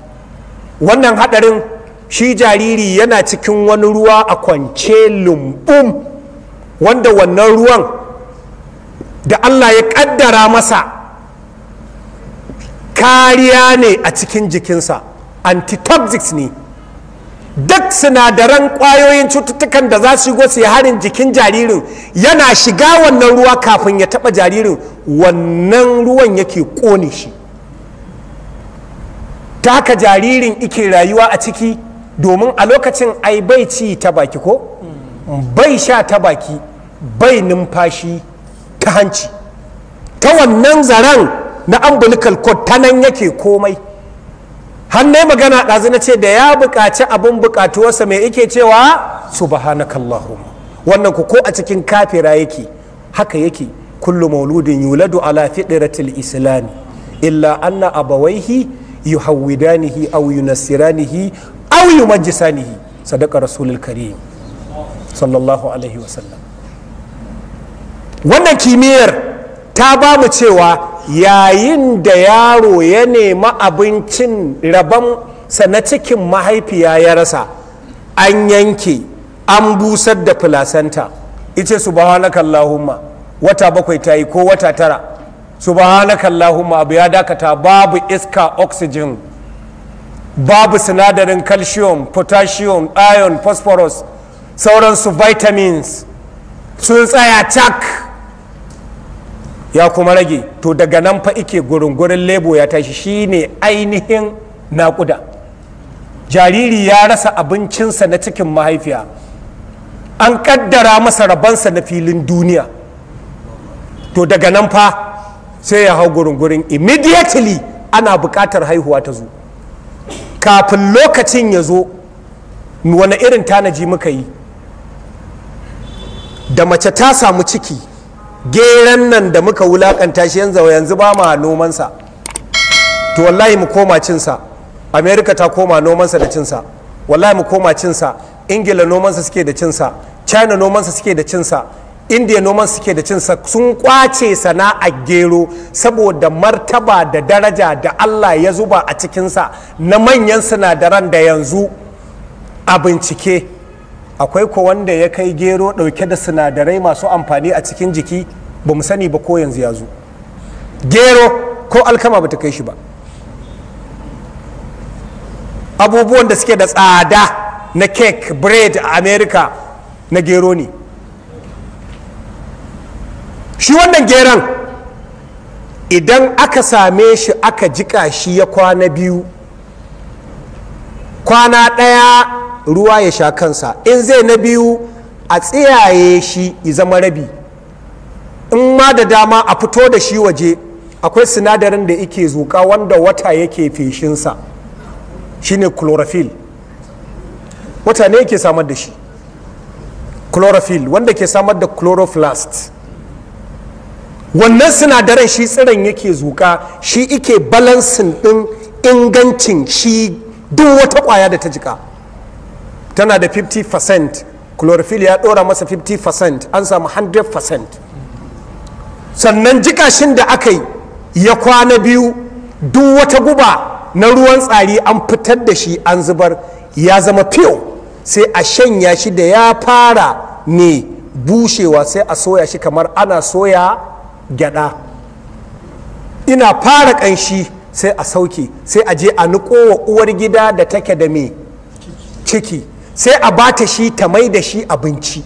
Speaker 1: wannan hadarin shi jariri yana cikin wani ruwa a kwance lumbum wanda wannan ruwan da allah ya kaddara masa kariya ne a cikin jikinsa antitoxics ne duk sinadaran ƙwayoyin cututtukan da za su yi harin jikin jaririn yana shiga wannan ruwa kafin ya taɓa jaririn wannan ruwan yake ƙone shi ta haka jaririn ike rayuwa a ciki domin a lokacin ai bai ci ta baki ko bai sha ta baki bai numfashi ta hanci ta wannan zaren na umbilical cord ta nan yake komai hannai magana ɗazu na ce da ya buƙaci abin buƙatuwarsa mai yake cewa subhanakallahum wannan ku ko a cikin kafira yake haka yake kullu mauludin yuladu ala fidratil islami illa anna abawaihi yuhawwidanihi aw yunassiranihi aw yumajjisanihi sadaqa rasulul karim sallallahu alaihi wasallam wannan kimiyyar ta ba mu cewa yayin da yaro ya nemi abincin rabon sa na cikin mahaifiya ya rasa an yanke an busar da filasanta ice subhanakallahumma wata bakwai ta yi ko wata tara subhanakallahumma abu ya dakata babu iska oxygen babu sinadarin calcium potassium iron phosphorus sauransu vitamins sun tsaya cak ya kuma rage to daga nan fa ike gurin lebo ya tashi shine ainihin nakuda jariri ya rasa abincinsa na cikin mahaifiya an kaddara masa rabansa na filin duniya to daga nan fa sai ya hau gurin immediately ana buƙatar haihuwa ta zo kafin lokacin ya zo wani irin tanaji muka yi da mace ta samu ciki geran nan da muka wulakanta shi yanzu yanzu ba ma nomansa to wallahi mu koma cinsa america ta koma nomansa da cinsa wallahi mu koma cinsa ingila nomansa suke da cinsa china nomansa suke da cinsa indiya noman suke da cinsa sun kwace sana'a gero saboda martaba da daraja da allah ya zuba a cikinsa na manyan sinadaran da yanzu a bincike akwai ko wanda ya kai gero ɗauke da sinadarai masu amfani a cikin jiki ba mu sani ba ko yanzu ya zo gero ko alkama ba ta kai shi ba abubuwan da suke da tsada na cake bread a america na gero ne shi wannan geron idan aka same shi aka jika shi ya kwana biyu kwana ɗaya ruwa ya sha kansa in zai na biyu a tsiyaye shi ya zama rabi in ma da dama a fito da shi waje akwai sinadarin da yake zuka wanda wata yake feshinsa shine chlorophyll wata ne yake samar da shi chlorophyll wanda ke samar da chloroplast wannan sinadarin shi tsiron yake zuka shi ike balansin din ingancin shi duk wata kwaya da ta jika tana da 50% chlorophyll ya dora masa 50% an samu 100% sannan jikashin da aka yi ya kwana biyu duk wata guba na ruwan tsari an fitar da shi an zubar ya zama fiyo sai a shanya shi da ya fara ne bushewa sai a soya shi kamar ana soya gyada ina fara kanshi sai a sauke sai a je a niƙo wa uwar gida da take da me ciki sai a bata shi ta mai da shi abinci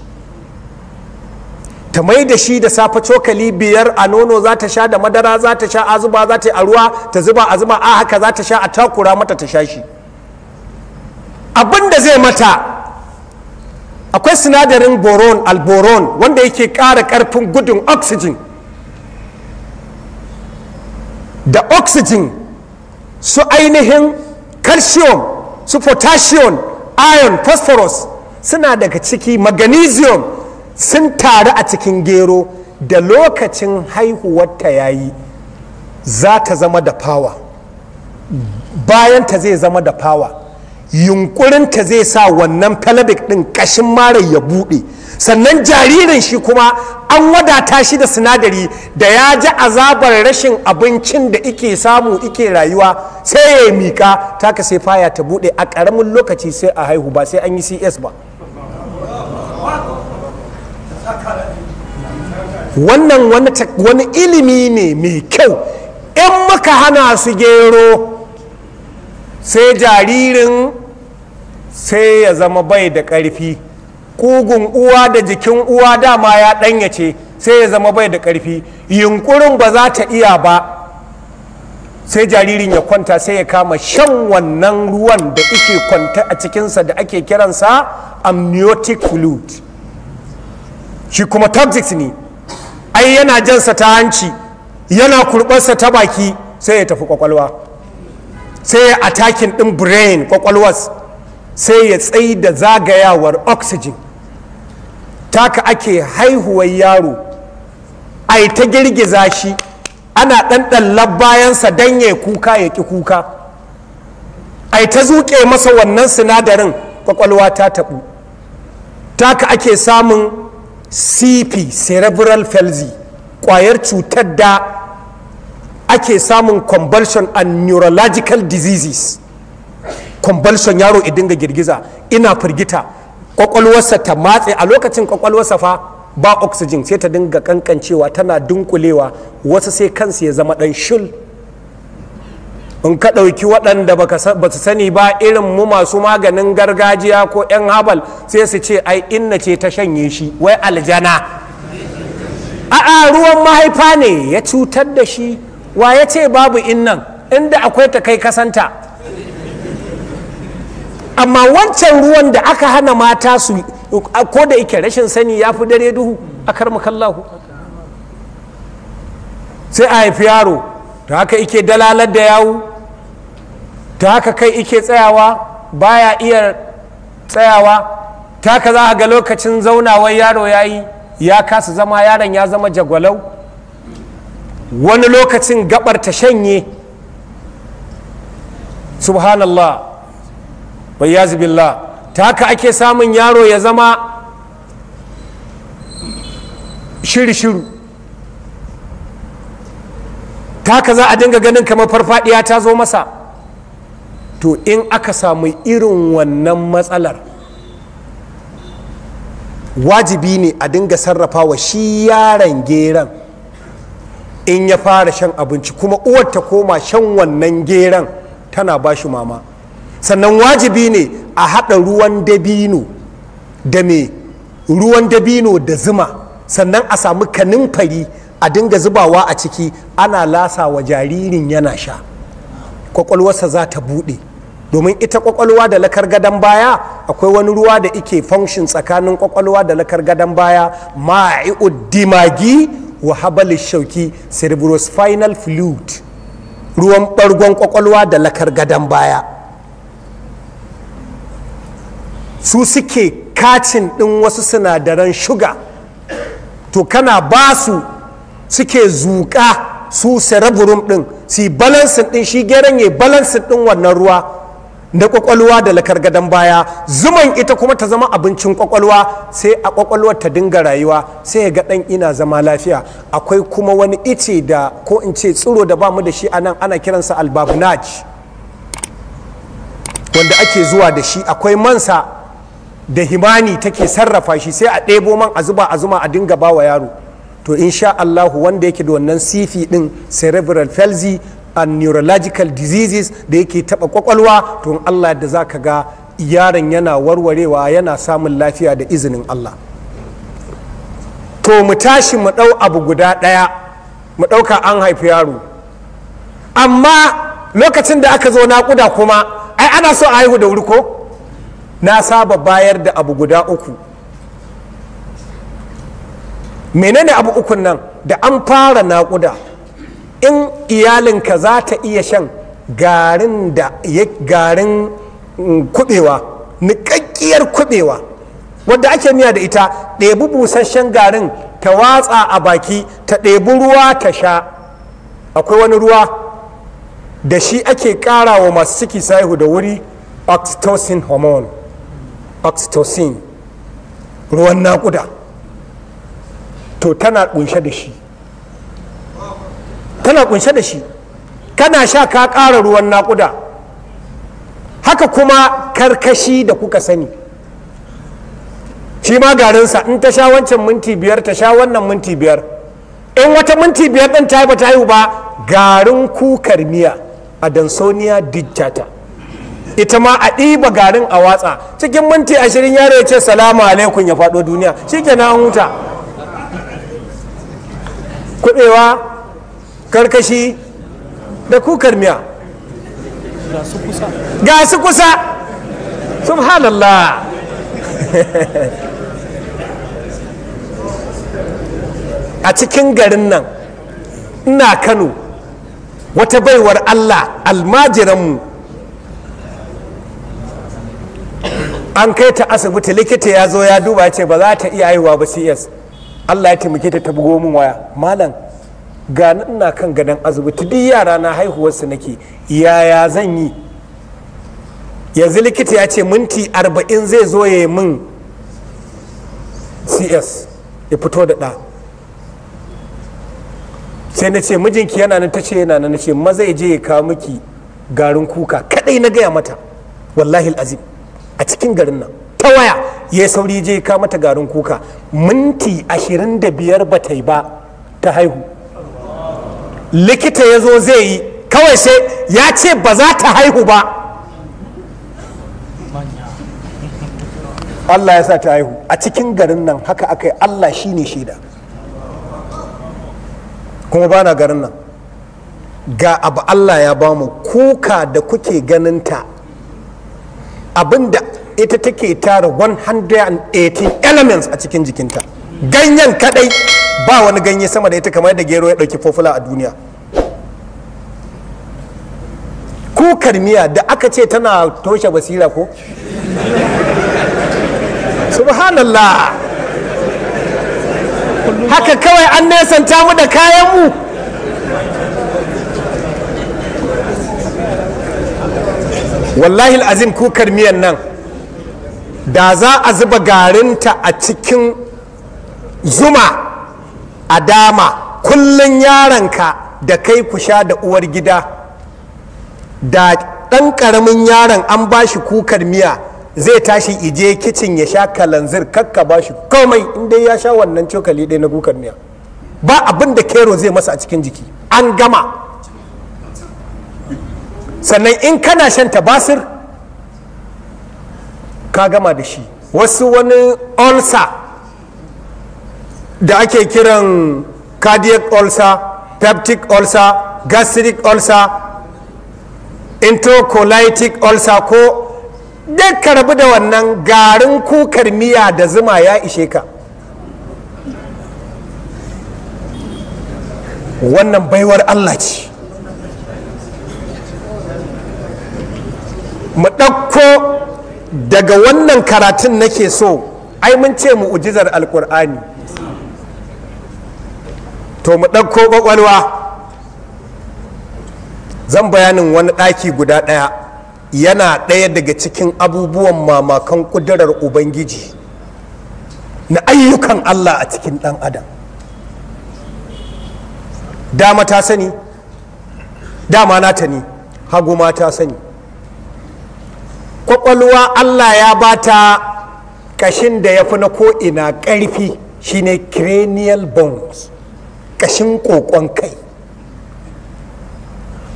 Speaker 1: ta mai da shi da safe cokali biyar a nono za ta sha da madara za ta sha a zuba za ta yi a ruwa ta zuba a zuba a haka za ta sha a takura mata ta sha shi abin da zai mata akwai sinadarin boron alboron wanda yake ƙara ƙarfin gudun oxygen da oxygen su ainihin calcium su potassium iron phosphorus suna daga ciki magnesium sun taru a cikin gero da lokacin haihuwarta ya yi za ta zama da power, bayan ta zai zama da power. Yunƙurinta zai sa wannan pelvic ɗin ƙashin mara ya buɗe sannan jaririn shi kuma an wadata shi da sinadari da ya ji azabar rashin abincin da ike samu ike rayuwa sai ya mika taka sai faya ta buɗe a ƙaramin lokaci sai a haihu ba sai an yi cs ba wannan wani ilimi ne mai kyau in muka hana su gero sai jaririn sai ya zama bai da ƙarfi ƙugun uwa da jikin uwa dama ya ɗanyace sai ya zama bai da ƙarfi yunkurin ba za ta iya ba sai jaririn ya kwanta sai ya kama shan wannan ruwan da ike kwanta a cikinsa da ake kiransa amniotic fluid shi kuma toxic ne ai yana jansa ta hanci yana kurbarsa ta baki sai ya tafi kwakwalwa sai ya atakin ɗin brain kwakwalwarsa sai ya tsayi da zagayawar oxygen taka ake haihuwar yaro yi ta girgiza shi ana ɗanɗan labbayansa don ya kuka ya ƙi kuka yi ta zuƙe masa wannan sinadarin kwakwalwa ta taɓu taka ake samun cp cerebral palsy ƙwayar cutar da ake samun convulsion and neurological diseases kumbalson yaro ya dinga girgiza ina firgita kwakwalwarsa ta matse a lokacin kwakwalwarsa fa ba oxygen sai ta dinga kankancewa tana dunkulewa wasu sai kansu ya zama dan shul in ka ɗauki waɗanda ba su sani ba irin mu masu maganin gargajiya ko 'yan habal sai su ce ai inna ce ta shanye shi wai aljana a'a ruwan mahaifa ne ya cutar da shi wa ya ce babu innan inda akwai ta kai kasanta amma wancan ruwan da aka hana mata su ko da ke rashin sani ya fi dare duhu a karmakallahu sai a haifi yaro ta haka ike dalalar da yawu ta haka kai ike tsayawa baya iya tsayawa ta haka za ga lokacin zaunawar yaro ya yi ya kasa zama yaron ya zama jagwalau wani lokacin gabar ta shanye subhanallah bayyazi billah ta haka ake samun yaro ya zama shiru shiru ta haka za a dinga ganin kamar farfadiya ta zo masa to in aka samu irin wannan matsalar wajibi ne a dinga sarrafa wa shi yaron geran in ya fara shan abinci kuma uwar ta koma shan wannan geran tana ba shi mama sannan wajibi ne a haɗa ruwan dabino da me ruwan dabino da zuma sannan a samu kanin fari a dinga zubawa a ciki ana lasa wa jaririn yana sha kwakwalwarsa za ta buɗe domin ita kwakwalwa da lakar gadon baya akwai wani ruwa da ike function tsakanin kwakwalwa da lakar gadon baya dimagi wa habal shauki cerebrospinal fluid ruwan bargon kwakwalwa da lakar gadon baya su suke kacin ɗin wasu sinadaran shuga to kana ba su suke zuƙa su cerebrum ɗin si balansin ɗin shi geren ya balansin ɗin wannan ruwa na kwakwalwa da lakar gadon baya zuman ita kuma ta zama abincin kwakwalwa sai a kwakwalwar ta dinga rayuwa sai ga dan ina zama lafiya akwai kuma wani ice da ko in ce tsiro da bamu da shi a nan ana kiransa albabnaj wanda ake zuwa da shi akwai mansa da himani take sarrafa shi sai a ɗebo man a zuba a zuma a dinga ba wa yaro to insha Allahu wanda yake da wannan sifi din cerebral palsy and neurological diseases da yake taɓa kwakwalwa to in Allah da za ka ga yaron yana warwarewa yana samun lafiya da izinin Allah to mu tashi mu ɗau abu guda ɗaya mu ɗauka an haifi yaro amma lokacin da aka zo naƙuda kuma ai ana so a haihu da wuri ko na saba bayar da abu guda uku menene abu ukun nan da an fara naƙuda in iyalinka za ta iya shan garin da garin mm, kubewa niƙaƙƙiyar kubewa wadda ake miya da ita ɗebi busasshen garin ta watsa a baki ta ɗebi ruwa ta sha akwai wani ruwa da shi ake ƙara wa masu ciki sahihu da wuri oxytocin hormone oxytocin ruwan naƙuda to tana kunshe da shi tana kunshe da shi kana sha ka kara ruwan naƙuda haka kuma karkashi da kuka sani shi ma garinsa in ta sha wancan minti biyar ta sha wannan minti biyar in wata minti biyar din ta yi ba ta yi ba garin kukar miya a dansoniya dijjata ita ma a ɗiba garin a watsa cikin minti ashirin yaro ya ce salamu alaikum ya faɗo duniya shi ke na huta kuɗewa karkashi da kukar miya ga su kusa subhanallah a cikin garin nan ina kano wata baiwar allah almajiranmu an kai ta asibiti likita ya zo ya duba ce ba za ta iya haihuwa ba cs allah ya taimake ta ta bugo min waya malam ga ina kan gadon asibiti duk yara na haihuwarsu nake yaya zan yi yanzu likita ya ce minti arba'in zai zo ya yi min cs ya fito da ɗa sai na ce mijinki yana nan ta ce yana nan na ce maza ya je ya kawo miki garin kuka kaɗai na gaya mata wallahi azim a cikin garin nan ta waya ya sauri je ka mata garin kuka minti ashirin da biyar ba ta yi ba ta haihu likita ya zo zai yi kawai sai ya ce ba za ta haihu ba Allah ya sa ta haihu a cikin garin nan haka aka yi Allah shi ne shaida kuma ba na garin nan ga abu Allah ya bamu kuka da kuke ganinta abinda ita take tara 118 elements a cikin jikinta ganyen kadai ba wani ganye sama da ita kamar da gero ya dauki fofula a duniya kukar miya da aka ce tana toshe basira ko subhanallah haka kawai an nesanta mu da kayan mu wallahi azim kukar miyan nan da za a zuba garinta a cikin zuma a dama kullum yaranka da kai ku sha da uwar gida da ɗan ƙaramin yaron an ba shi kukar miya zai tashi ije kicin ya sha kalanzir kakka ba shi komai inda ya sha wannan cokali ɗaya na kukar miya ba abin da kero zai masa a cikin jiki an gama sannan in kana shan tabasir ka gama da shi wasu wani ulcer da ake kiran cardiac ulcer peptic ulcer gastric ulcer intercolitic ulcer ko duk ka rabu da wannan garin kukar miya da zuma ya ishe ka wannan baiwar allah ce mu ɗauko daga wannan karatun nake so ai mun ce mu ujizar alkur'ani to mu ɗauko ƙwaƙwalwa zan bayanin wani ɗaki guda ɗaya yana ɗaya daga cikin abubuwan mamakan ƙudurar ubangiji na ayyukan allah a cikin ɗan adam dama ta sani dama nata ne hagu ma ta sani kwakwalwa allah ya bata kashin da ya fi na ko'ina ƙarfi shine cranial bones kashin ƙoƙon kai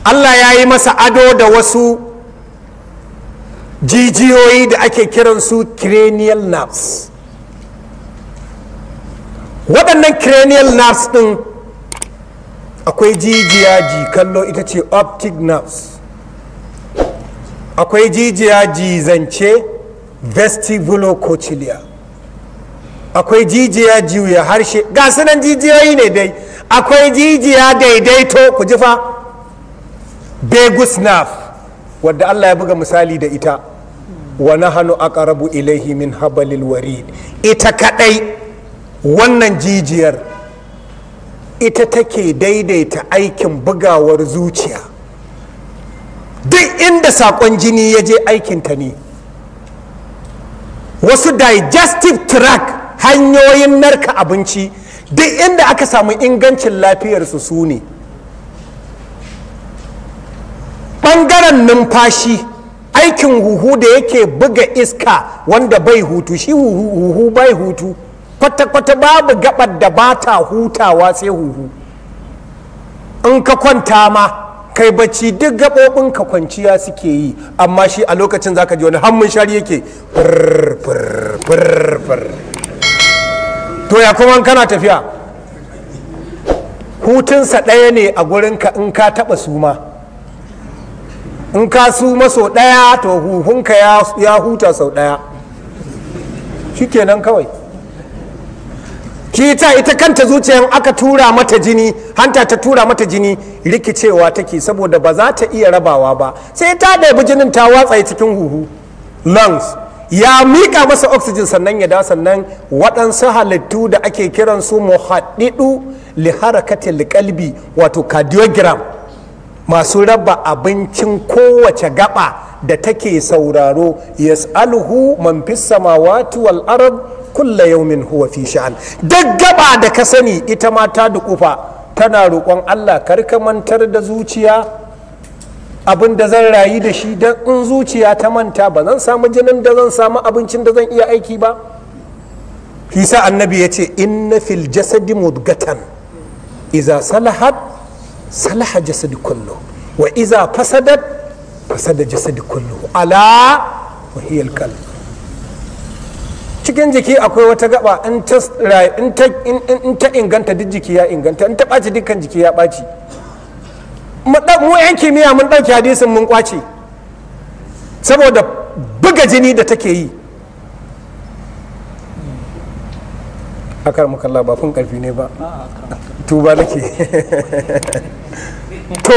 Speaker 1: allah ya yi masa ado da wasu jijiyoyi da ake kiransu cranial nerves waɗannan cranial nerves ɗin akwai jijiya kallo ita ce optic nerves akwai jijiya jizance vestibular cochlea akwai jijiya juya harshe ga sunan jijiyoyi ne dai akwai jijiya daidaito ku ji fa begus nerve wadda allah ya buga misali da ita wa nahanu aqrabu ilaihi min habalil warid ita kadai wannan jijiyar ita take daidaita aikin bugawar zuciya duk inda sakon jini ya je aikinta ne wasu digestive tract hanyoyin narka abinci duk inda aka samu ingancin lafiyarsu su ne ɓangaren numfashi aikin huhu da yake buga iska wanda bai hutu shi huhu bai hutu kwata-kwata babu gabar da ba ta hutawa sai huhu in ka kwanta ma kai bacci duk gaɓoɓin ka kwanciya suke yi amma shi a lokacin zaka ji wani hammun shari yake to ya kuma kana tafiya hutunsa ɗaya ne a gurinka in ka taɓa suma in ka suma sau ɗaya to huhunka ya huta sau ɗaya shi kenan kawai shi ta ita kanta zuciya aka tura mata jini hanta ta tura mata jini rikicewa take saboda ba za ta iya rabawa ba sai ta ɗabi jinin ta watsa cikin huhu lungs ya miƙa masa oxygen sannan ya da sannan waɗansu halittu da ake kiransu muhaɗiɗu li harakatil kalbi wato cardiogram masu raba abincin kowace gaba da take sauraro yas'aluhu man fi samawati wal ard kulla yawmin huwa fi sha'an duk gaba da ka sani ita ma ta dukufa tana roƙon Allah kar ka mantar da zuciya abin da zan rayu da shi don in zuciya ta manta ba zan samu jinin da zan samu abincin da zan iya aiki ba Isa annabi ya ce inna fil jasadi mudgatan iza salahat salaha جسد كله وإذا iza فسد جسد كله على ala wahiyal cikin jiki akwai wata gaba in ta inganta duk jiki ya inganta in ta ɓaci dukkan jiki ya ɓaci mu 'yan kimiyya mun ɗauki hadisin mun kwace saboda buga jini da take yi akar makalla ba kun karfi ne ba tuba nake to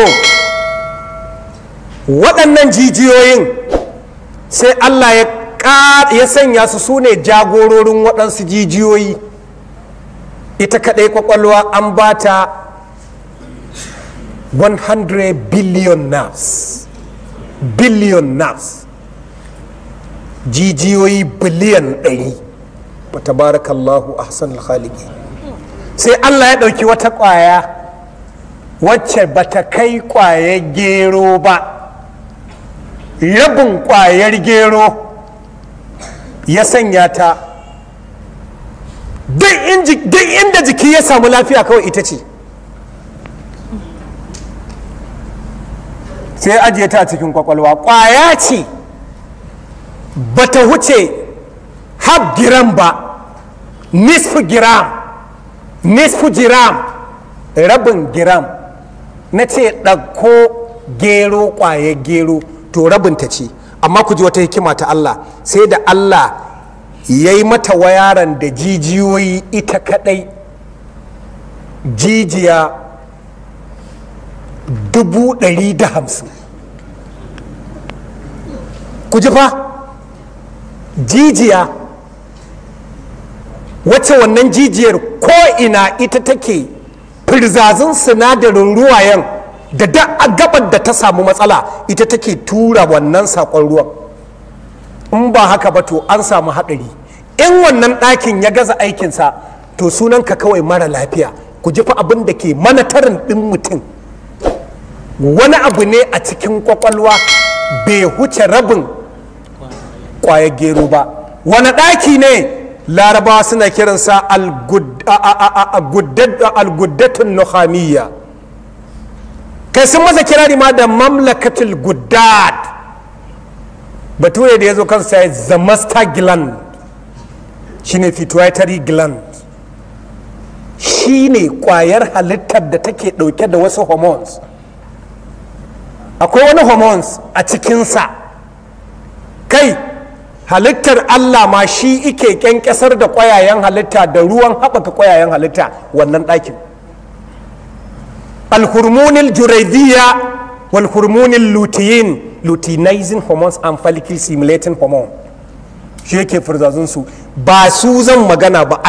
Speaker 1: waɗannan jijiyoyin sai allah ya sanya su sune jagororin waɗansu jijiyoyi ita kaɗai kwakwalwa an ba ta 100 billion nerves billion nerves jijiyoyi biliyan ɗari wa tabarakallahu Hassan khaliqi sai Allah ya ɗauki wata kwaya wacce ba ta kai ƙwayar gero ba yabin ƙwayar gero ya sanya ta duk inda jiki ya samu lafiya kawai ita ce sai ajiye ta a cikin kwakwalwa kwaya ce ba ta huce hab ba nisfu giram nisfu giram rabin giram na ce ɗauko gero ƙwaye gero to ta ce amma ku ji wata hikima ta Allah sai da Allah ya yi mata wayaran da jijiyoyi ita kadai jijiya dubu ɗari da hamsin ku ji fa jijiya wacce wannan jijiyar ko ina ita take firzazin sinadarin ruwayen da da gabar da ta samu matsala ita take tura wannan sakon ruwan in ba haka ba to an samu haɗari in wannan ɗakin ya gaza aikinsa to sunan ka kawai mara lafiya ku ji abin da ke manatarin ɗin mutum wani abu ne a cikin kwakwalwa bai huce rabin kwayar gero ba wani ɗaki ne larabawa suna kiransa al-guddatun nuhamiyya kai sun masa kirari ma da mamlakatul guddat bature da ya zo kansa ya the master gland shine pituitary gland shine kwayar halittar da take dauke da wasu hormones akwai wani hormones a cikinsa kai halittar Allah ma shi ike kyankyasar da ƙwayayen halitta da ruwan haɓaka ƙwayayen halitta wannan ɗakin alhurmunil juraidiyya walhurmunin lutein luteinizing hormones and follicle stimulating hormone shi yake su ba su zan magana ba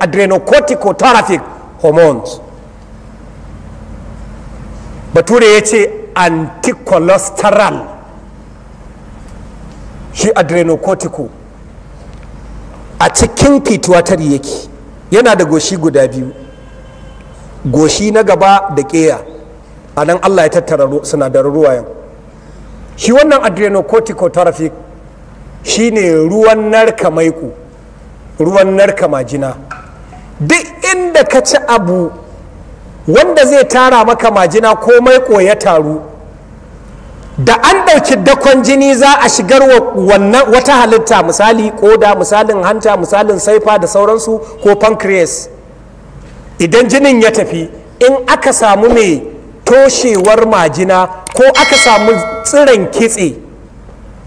Speaker 1: adrenocorticotrophic hormones bature ya ce anticholesterol shi adrenocortical a cikin pituitary yake yana da goshi guda biyu goshi na gaba da keya a nan allah ya tattara sinadarin ruwayan shi wannan adrenocortical therapy ne ruwan narka maiku ruwan narka majina duk inda ka ci abu wanda zai tara maka majina ko maiko ya taru da an ɗauki dakon jini za a shigar wata halitta misali koda misalin hanta misalin saifa da sauransu ko pancreas idan jinin ya tafi in aka samu mai toshewar majina ko aka samu tsiron kitse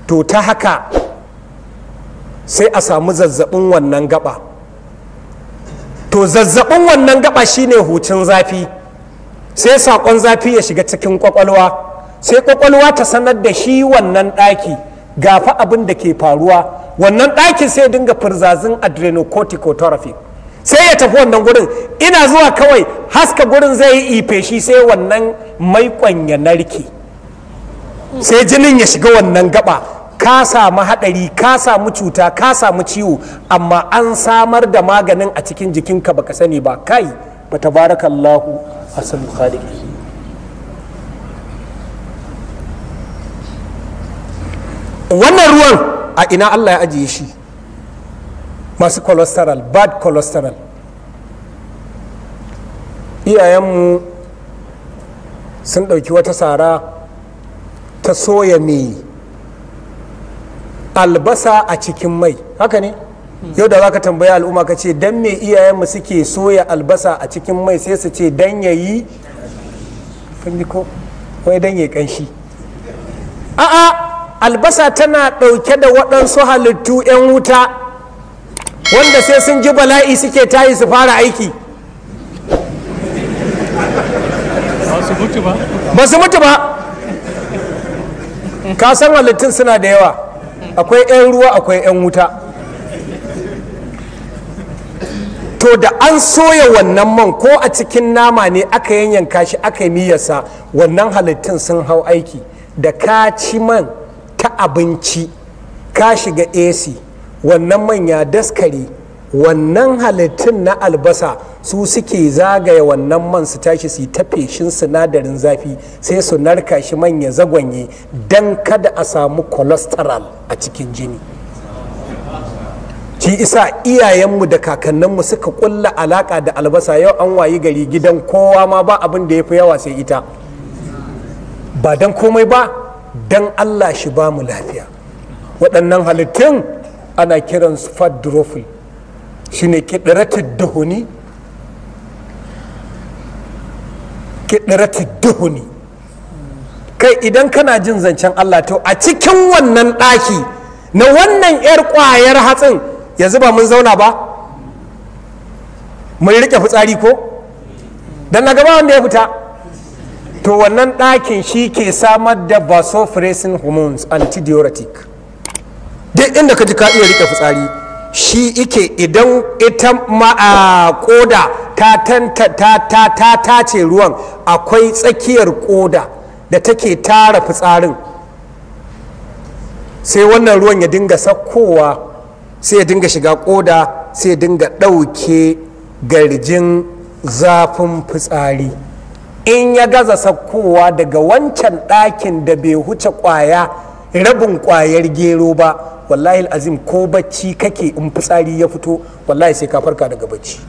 Speaker 1: to ta haka sai a samu zazzabin wannan gaba to zazzabin wannan gaba shine hucin zafi sai saƙon zafi ya shiga cikin ƙwaƙwalwa. sai kwakwalwa ta sanar da shi wannan ɗaki gafa abin da ke faruwa wannan ɗakin sai dinga firzazin adrenocorticotherapy sai ya tafi wannan gurin ina zuwa kawai haska gurin zai yi ife shi sai wannan maikon ya narke
Speaker 2: sai jinin
Speaker 1: ya shiga wannan gaba ka samu haɗari ka samu cuta ka samu ciwo amma an samar da maganin a cikin jikinka baka sani ba kai ba tabarakallahu asalin khaliqi wannan ruwan a ina allah ya ajiye shi masu cholesterol bad cholesterol iyayenmu sun ɗauki wata sara ta soya mai albasa a cikin mai haka ne yau da za ka tambaya al'umma ka ce don me iyayenmu suke soya albasa a cikin mai sai su ce don ya yi wai don ya kanshi a'a albasa tana ɗauke da waɗansu halittu 'yan wuta wanda sai sun ji bala'i suke tayi su fara aiki ba su mutu ba ka san halittun suna da yawa akwai 'yan ruwa akwai 'yan wuta to da an soya wannan man ko a cikin nama ne aka yanyanka shi aka yi miyarsa wannan halittun sun hau aiki da ka ci man ta abinci ka shiga ac wannan manya daskari wannan halittun na albasa su suke zagaya wannan man su tashi su tafe ta sinadarin zafi sai su narka shi manya zagwanye don kada a samu cholesterol a cikin jini ki isa iyayenmu da kakanninmu suka kulla alaka da albasa yau an wayi gari gidan kowa ma ba abin da ya fi yawa sai ita ba don komai ba don allah shi ba mu lafiya waɗannan halittun ana kiransu fat Shi shine kiɗiratid duhuni kiɗiratid kai idan kana jin zancen allah to a cikin wannan ɗaki na wannan 'yar ƙwayar hatsin yanzu ba mun zauna ba mun riƙe fitsari ko don na gaba wanda ya fita to wannan ɗakin shi ke samar da vasopressin hormones antidiuretic duk inda ka ji ka iya rike fitsari shi ike idan ita ma'a koda ta ta tace ruwan akwai tsakiyar koda da take tara fitsarin sai wannan ruwan ya dinga sakkowa sai ya dinga shiga koda sai ya dinga ɗauke garjin zafin fitsari in ya gaza sakkowa daga wancan ɗakin da bai huce ƙwaya rabin ƙwayar gero ba wallahi azim ko bacci kake in fitsari ya fito wallahi sai ka farka daga bacci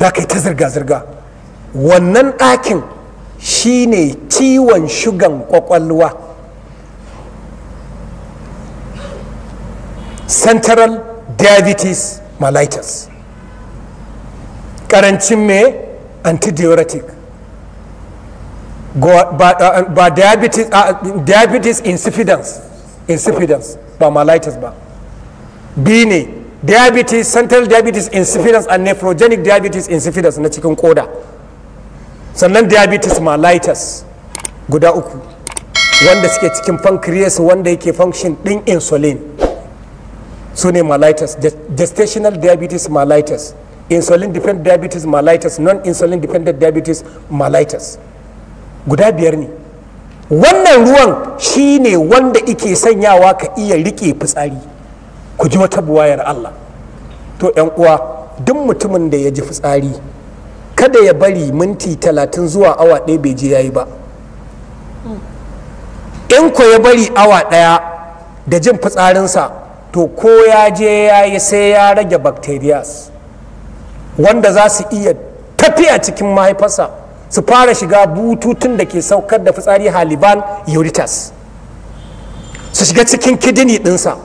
Speaker 1: za ka yi ta zirga-zirga wannan ɗakin shine ciwon shugan ƙwaƙwalwa central diabetes mellitus ƙarancin mai antidiuretic ba diabetes, diabetes insipidance insipidance ba malitis ba b ne diabetes central diabetes insipidance and nephrogenic diabetes insipidance na cikin koda sannan diabetes malitis guda uku wanda suke cikin pancreas wanda yake function din insulin su ne malitis gestational diabetes malitis insulin dependent diabetes malitis non insulin dependent diabetes malitis guda biyar ne wannan ruwan shi ne wanda ike sanyawa ka iya rike fitsari ku ji wata buwayar allah to yan uwa duk mutumin da ya ji fitsari kada ya bari minti talatin zuwa awa ɗaya bai je ya yi ba in ko ya bari awa ɗaya da jin fitsarinsa to ko ya je ya yi sai ya rage bacterias wanda za su iya tafiya cikin mahaifarsa su fara shiga bututun da ke saukar da fitsari haliban yoritas su shiga cikin kidini dinsa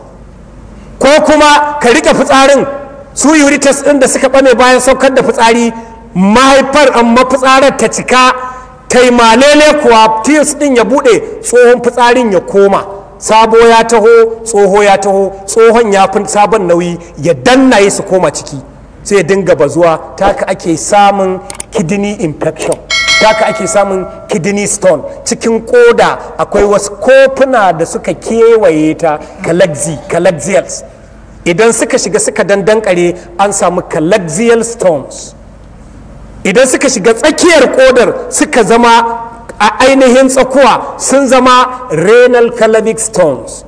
Speaker 1: ko kuma ka rika fitsarin su yoritas ɗin da suka bane bayan saukar da fitsari mahaifar amma fitsarar ta cika taimalele kuwa tiyus ɗin ya bude tsohon fitsarin ya koma sabo ya taho tsoho ya taho tsohon ya fi sabon nauyi ya dannaye su koma ciki sai dinga bazuwa ta ake samun kidney infection haka ake samun kidney stone cikin koda akwai wasu kofuna da suka kewaye ta kalaxi kalaxials idan suka shiga suka kare an samu kalaxial stones idan suka shiga tsakiyar kodar suka zama a ainihin tsakuwa sun zama renal calamic stones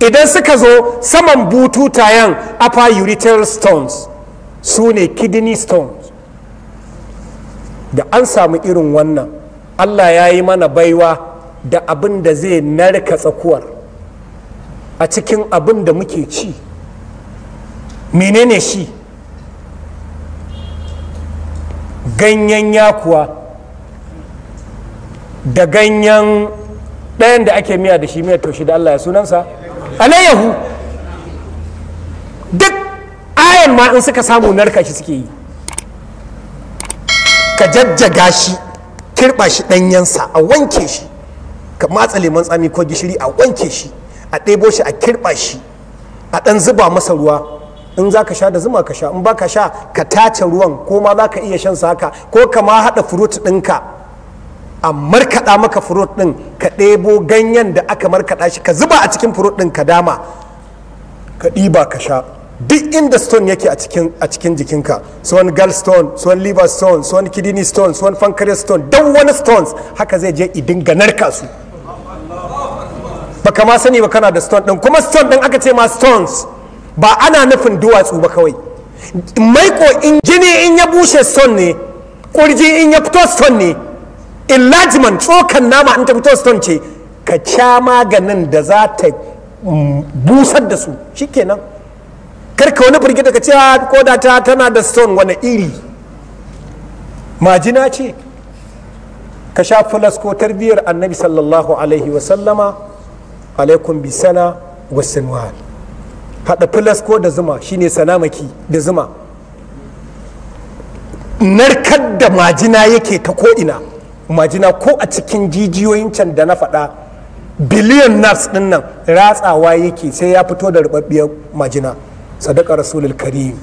Speaker 1: idan suka zo saman bututayen upper urethral stones su ne kidney stones da an samu irin wannan allah ya yi mana baiwa da abin da zai narka tsakuwar a cikin abin da muke ci menene shi ganyen yakuwa da ganyen ɗayan da ake miya da shi miya toshi da allah ya sunansa alayyahu duk ayan ma in suka samu narka shi suke yi ka jajjaga shi kirɓa shi ɗanyensa a wanke shi ka matsa lemon tsami ko gishiri a wanke shi a ɗebo shi a kirɓa shi a ɗan zuba masa ruwa in za ka sha da zuma ka sha in ba ka sha ka tace ruwan ko ma za ka iya shan sa haka ko ka ma haɗa furut ɗinka a markaɗa maka furut ɗin ka ɗebo ganyen da aka markaɗa shi ka zuba a cikin furut ɗin ka dama ka ɗiba ka sha duk inda stone yake a cikin jikinka su wani gallstone su wani liver stone su wani kidney stone su wani pancreas stone don wani stones haka zai je idin ganar kasu baka ma sani ba kana da stone din kuma stone din aka ce ma stones ba ana nufin duwatsu ba kawai maiko in jini in ya bushe stone ne kurji in ya fito stone ne enlargement tsokan nama in ta fito stone ce ka sha maganin da za ta busar da su shikenan karka wani firgita ka cewa ah, koda ta tana da stone wani iri majina ce ka sha fulasko tarbiyyar annabi sallallahu alaihi wasallama alaikum bisana wasanwal haɗa fulasko da zuma shine sanamaki da zuma narkar da majina yake ta ko'ina majina ko a cikin jijiyoyin can da na faɗa biliyan nas ɗin ratsawa yake sai ya fito da rubabbiyar majina sadaka rasulul karim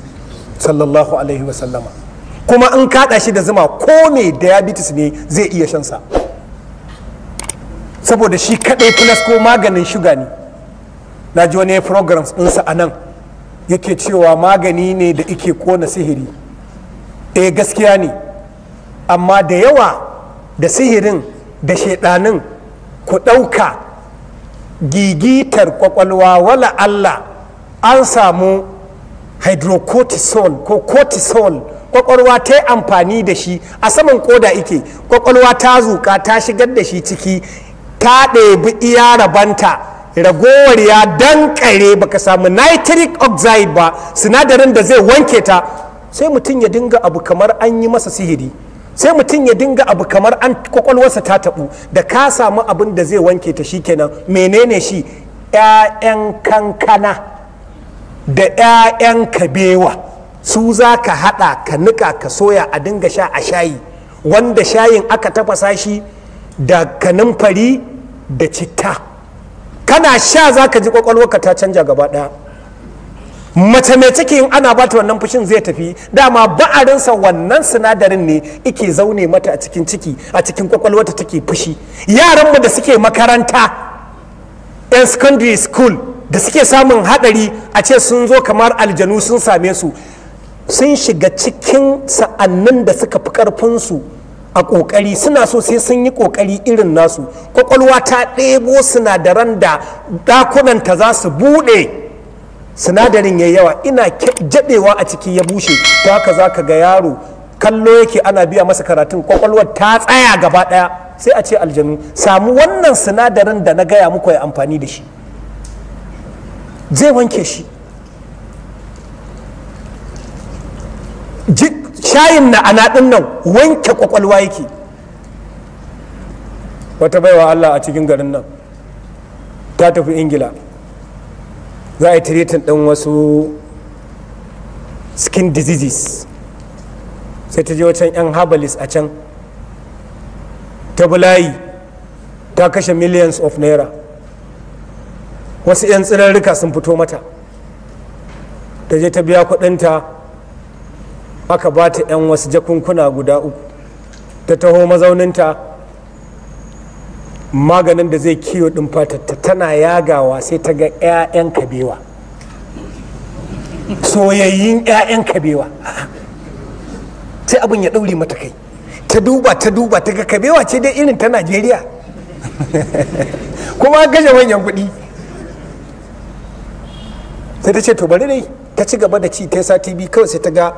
Speaker 1: sallallahu alaihi wa sallama kuma an kada shi da zuma ko mai diabetes ne zai iya shansa saboda shi kadai plus ko maganin shuga ne na ji wani programs ɗinsa a nan yake cewa magani ne da ike kona sihiri eh gaskiya ne amma da yawa da sihirin da shaidanin ku ɗauka gigitar kwakwalwa wala Allah an samu hydrocortisol ko cortisol kwakwalwa ta yi amfani da shi a saman koda ike kwakwalwa ta zuka ta shigar da shi ciki ta ɗebi iya rabanta ragowar ya dankare baka samu nitric oxide ba sinadarin da zai wanke ta sai mutum ya dinga abu kamar an yi masa sihiri sai mutum ya dinga abu kamar an kwakwalwarsa ta taɓu da ka samu abin da zai wanke ta shi shikenan menene shi 'ya'yan kankana da 'ya'yan kabewa su za ka haɗa ka nika ka soya a dinga sha a shayi wanda shayin aka tafasa shi da kanunfari da citta kana sha za ka ji kwakwalwarka ta canja gaba ɗaya mace mai ciki in ana bata wannan fushin zai tafi dama ba'arinsa wannan sinadarin ne ike zaune mata a cikin ciki a cikin kwakwalwarta take fushi yaranmu da suke makaranta 'yan secondary school da suke samun hadari a ce sun zo kamar aljanu sun same su sun shiga cikin sa'annin da suka fi karfinsu a ƙoƙari suna so sai sun yi ƙoƙari irin nasu kwakwalwa ta ɗebo sinadaran da ɗakunanta za su buɗe sinadarin ya yawa ina jaɗewa a ciki ya bushe ta haka za ka ga yaro kallo yake ana biya masa karatun kwakwalwar ta tsaya gaba ɗaya sai a ce aljanu samu wannan sinadarin da na gaya muku ya amfani da shi zai wanke shi shayin na ana ɗin nan wanke kwakwalwa yake wata baiwa allah a cikin garin nan ta tafi ingila za a yi tiretin ɗin wasu skin diseases sai ta je wacan 'yan herbalist a can ta bulayi ta kashe millions of naira wasu 'yan tsirarrika sun fito mata da je ta biya kudinta aka ba ta 'yan wasu jakunkuna guda uku ta taho mazauninta maganin da zai kiyo din fatarta tana yagawa sai ta ga 'ya'yan kabewa soyayyin 'ya'yan kabewa sai abin ya ɗaure mata kai ta duba ta duba ta ga kabewa ce dai irin ta najeriya kuma gaje manyan kuɗi sai ta ce to bari dai ta ci gaba da ci ta sati biyu kawai sai ta ga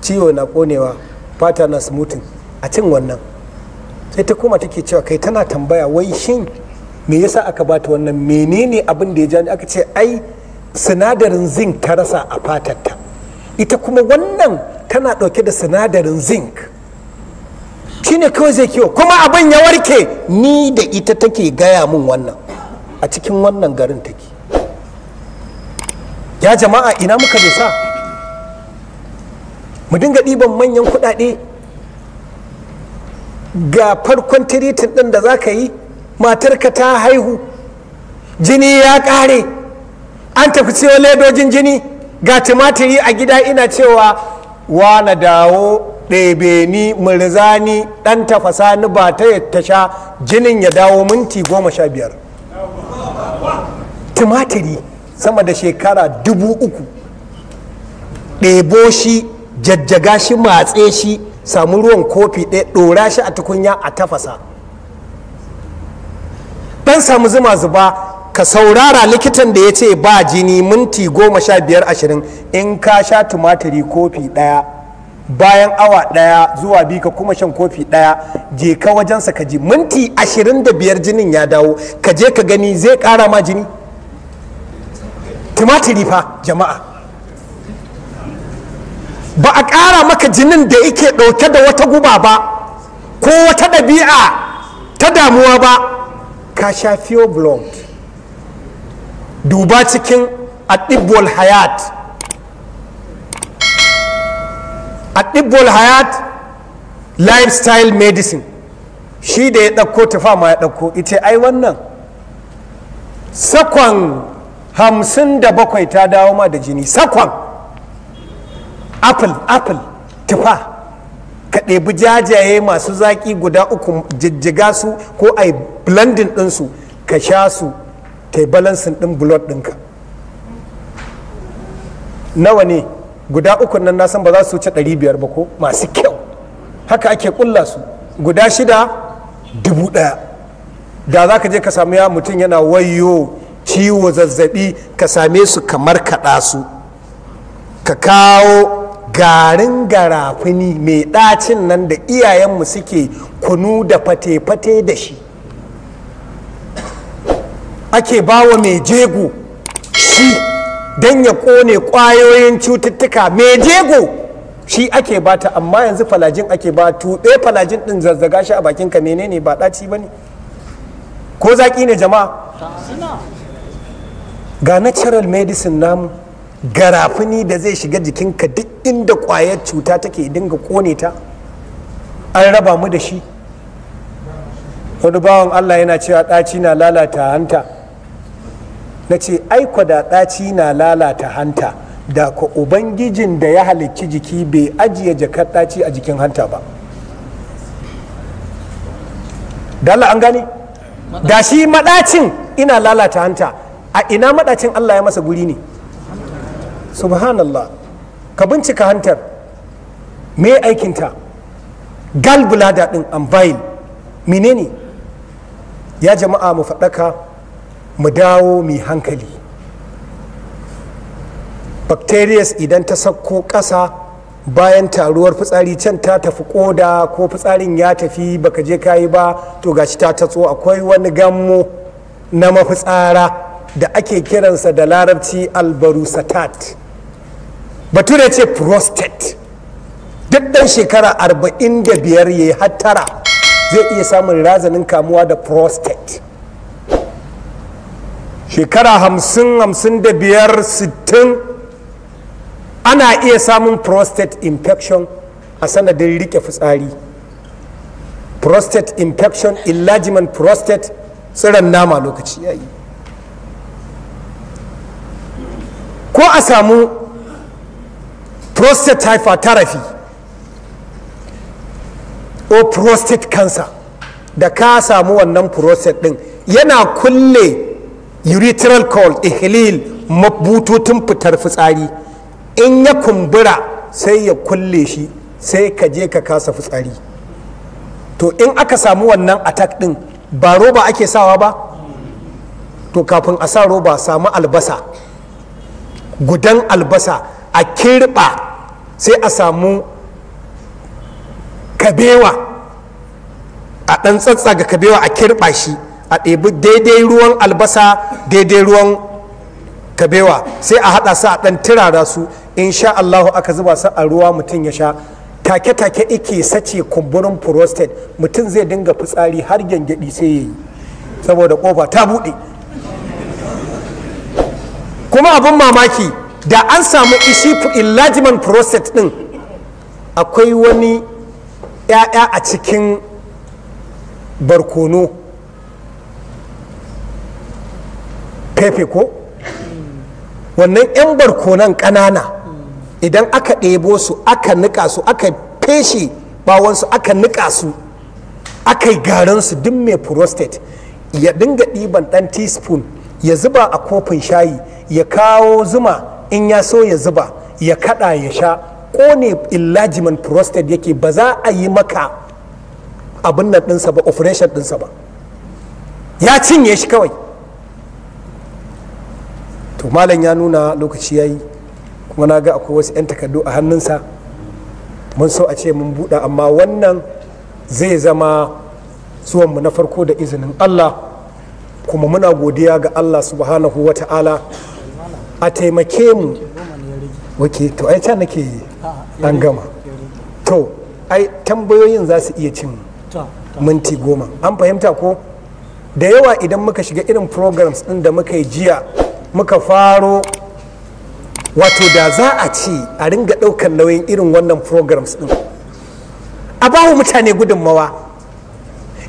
Speaker 1: ciwo na konewa fata na smoothing a cin wannan sai ta koma take cewa kai tana tambaya wai shin me yasa aka bata wannan menene abin da ya ja aka ce ai sinadarin zinc ta rasa a fatar ta ita kuma wannan tana dauke da sinadarin zinc shine kawai zai kiwo kuma abin ya warke ni da ita take gaya min wannan a cikin wannan garin take ya jama'a ina muka bai sa mu dinga ɗiban manyan kuɗaɗe ga farkon tiritin ɗin da za ka yi matarka ta haihu jini ya ƙare an tafi cewa ledojin jini ga tumatiri a gida ina cewa wa na dawo ɗebe ni murza ni ɗan tafasa ni ba ta ta sha jinin ya dawo minti goma sha biyar tumatiri sama da shekara dubu uku ɗebo shi jajjaga shi matse shi samu ruwan kofi ɗaya ɗora shi a tukunya a tafasa ɗan samu zuma zuba ka saurara likitan da ya ce ba jini minti goma sha biyar ashirin in ka sha tumatiri kofi ɗaya bayan awa ɗaya zuwa biyu ka kuma shan kofi ɗaya je ka wajensa ka ji minti ashirin da biyar jinin ya dawo ka je ka gani zai ƙara ma jini tumatiri fa jama'a ba a ƙara maka jinin da yake ɗauke da wata guba ba ko wata ɗabi'a ta damuwa ba ka sha fiyo blond duba cikin adibbol hayat adibbol hayat lifestyle medicine shi da ya ɗauko tufa ma ya ɗauko ita ai wannan sakon hamsin da bakwai ta dawo ma da jini sakon apple apple tufa ka ɗebi jajaye masu zaƙi guda uku jijjiga su ko a yi ɗinsu ka sha su ta yi balansin ɗin blood ɗinka nawa ne guda uku nan na san ba za su wuce ɗari biyar ba ko masu kyau haka ake kulla su guda shida dubu ɗaya da za ka je ka samu ya mutum yana wayo ciwo zazzabi ka same su kamar kaɗa su ka kawo garin garafuni mai ɗacin nan da iyayenmu suke kunu da fate-fate da shi ake bawa mai jego shi don ya ƙone ƙwayoyin cututtuka mai jego shi ake bata amma yanzu falajin ake ba tuɓe falajin ɗin zazzaga shi a bakinka menene ba ɗaci ba ne ko zaƙi ne jama'a ga natural medicine namu garafini da zai shiga jikinka duk inda kwayar cuta take dinga kone ta an raba mu da shi wani bawan allah yana cewa ɗaci na lalata hanta na ce aiko da ɗaci na lalata hanta da ku ubangijin da ya halicci jiki bai ajiye jakar ɗaci a jikin hanta ba da allah an gani da shi maɗacin ina lalata hanta a ina madacin Allah ya masa guri ne subhanallah ka bincika hantar me aikinta galbulada din ambail menene ya jama'a mu faɗaka mu dawo mai hankali bacterias idan ta sakko ƙasa bayan taruwar fitsari can ta tafi ƙoda ko fitsarin ya tafi baka je kayi ba to gashi ta tatso akwai wani gammo na mafitsara da ake kiransa da larabci albarusatat bature ce prostate duk ɗan shekara 45 ya yi hattara zai iya samun razanin kamuwa da prostate shekara 50-55-60 ana iya samun prostate infection a sanadin rike fitsari prostate infection enlargement prostate tsiran nama lokaci yayi ko a samu prostate hypertrophy ko prostate cancer da ka samu wannan prostate din yana kulle urethral cold ihlil mabututun fitar fitsari in ya kumbura sai ya kulle shi sai ka je ka kasa fitsari to in aka samu wannan attack din ba roba ake sawa ba to kafin a sa roba samu albasa gudan albasa a kirɓa sai a samu kabewa a ɗan tsatsaga kabewa a kirɓa shi a ɗebi daidai ruwan albasa daidai ruwan kabewa sai a haɗa su a ɗan turara su sha Allahu aka zuba su a ruwa mutum ya sha take-take ike sace kumburin prostate mutum zai dinga fitsari har gyangyaɗi sai yayi saboda ƙofa ta buɗe kuma abin mamaki da an samu ishi enlargement prostate din akwai wani ‘ya'ya a cikin barkono pepe ko wannan 'yan barkonan ƙanana idan aka ɗebo su aka nika su aka feshe bawansu aka nika su aka yi garinsu duk mai prostate ya dinga ɗiban ɗan teaspoon ya zuba a kofin shayi ya kawo zuma in ya so ya zuba ya kada ya sha kone illajiman prostate yake ba za a yi maka abin nan ɗinsa ba operation ɗinsa ba ya cinye shi kawai to malam ya nuna lokaci ya yi kuma na ga akwai wasu 'yan takardu a hannunsa mun so a ce mun buɗe amma wannan zai zama zuwan mu na farko da izinin allah kuma muna godiya ga allah subhanahu wa ta'ala a taimake mu wake to ai can nake an gama to ai tambayoyin za su iya cin minti goma an fahimta ko da yawa idan muka shiga irin programs ɗin da muka yi jiya muka faro wato da za a ci a ringa ɗaukan nauyin irin wannan programs ɗin a bawa mutane gudunmawa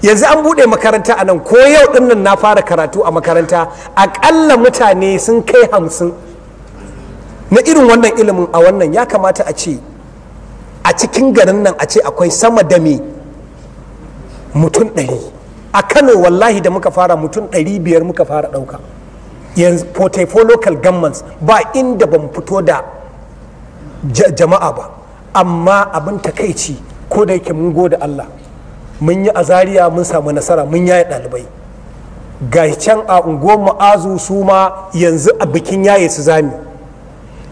Speaker 1: yanzu an buɗe makaranta a nan ko yau ɗin nan na fara karatu a makaranta aƙalla mutane sun kai hamsin na irin wannan ilimin a wannan ya kamata a ce a cikin garin nan a ce akwai sama da me mutum ɗari a kano wallahi da muka fara mutum ɗari biyar muka fara ɗauka yanzu portfolio local governments ba inda ban fito da jama'a ba amma abin takaici ko da yake mun gode Allah mun yi azariya mun samu nasara mun yaye ɗalibai ga can a unguwar ma'azu su ma yanzu a bikin yaye su zami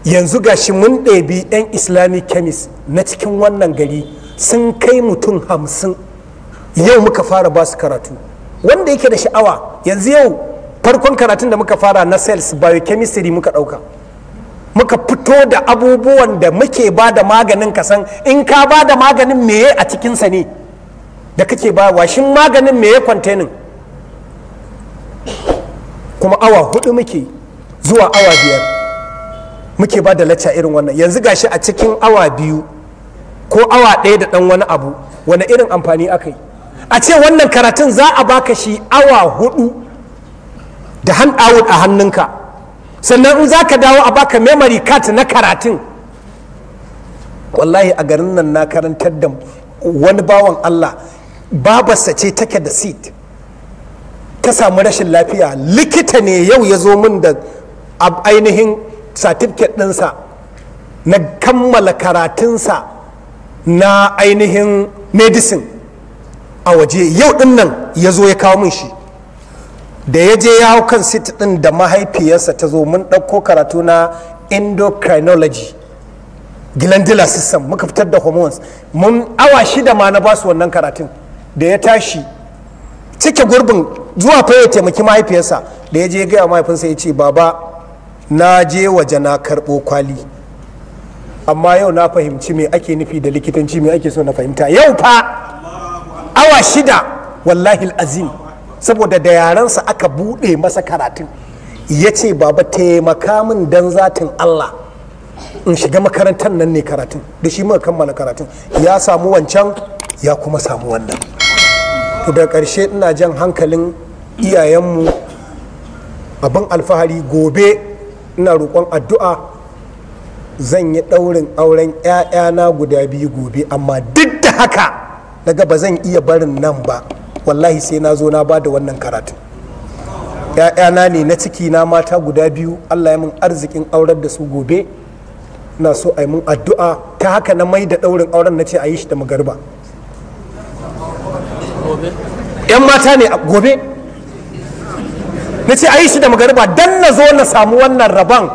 Speaker 1: yanzu ga shi mun ɗabi 'yan islamic chemist na cikin wannan gari sun kai mutum hamsin yau muka fara ba su karatu wanda yake da sha'awa yanzu yau farkon karatun da muka fara na sales biochemistry muka ɗauka muka fito da abubuwan da muke ba da maganin kasan in ka ba da maganin meye a cikinsa ne da kake ba washin maganin me ya kwantenin kuma awa hudu muke zuwa awa biyar muke ba da lacca irin wannan yanzu gashi a cikin awa biyu ko awa ɗaya da ɗan wani abu wani irin amfani aka yi a ce wannan karatun za a baka shi awa hudu da hand out a hannunka sannan in za ka dawo a baka memory card na karatun wallahi a garin nan na karantar da wani bawan Allah babarsa ce take da seat ta samu rashin lafiya likita ne yau ya zo min da ainihin certificate ɗinsa na kammala karatunsa na ainihin medicine a waje yau ɗin nan ya zo ya kawo min shi da ya je ya hau kan sit ɗin da mahaifiyarsa ta zo mun ɗauko karatu na endocrinology glandular system muka fitar da hormones mun awa shida ma na basu wannan karatun da ya tashi cike gurbin zuwa fa ya taimaki mahaifiyarsa da ya je gaya mahaifinsa ya ce baba na je waje na karɓo kwali amma yau na fahimci me ake nufi da likitanci me ake so na fahimta yau fa awa shida wallahi azim saboda da yarensa aka buɗe masa karatun ya ce baba taimaka min dan zatin allah in shiga makarantar nan ne karatun da shi muka kammala karatun ya samu wancan ya kuma samu wannan to da ƙarshe ina jan hankalin iyayenmu abin alfahari gobe ina roƙon addu'a zan yi ɗaurin auren 'ya'yana guda biyu gobe amma duk da haka daga ba zan iya barin nan ba wallahi sai na zo na ba da wannan karatu. ‘ya'yana ne na ciki na mata guda biyu allah ya mun arzikin aurar da su gobe na so a yi mun addu'a ta haka na mai da ɗaurin auren na ce a yi shi da magarba yan mata ne a gobe na ce a shi da magariba don na zo na samu wannan rabon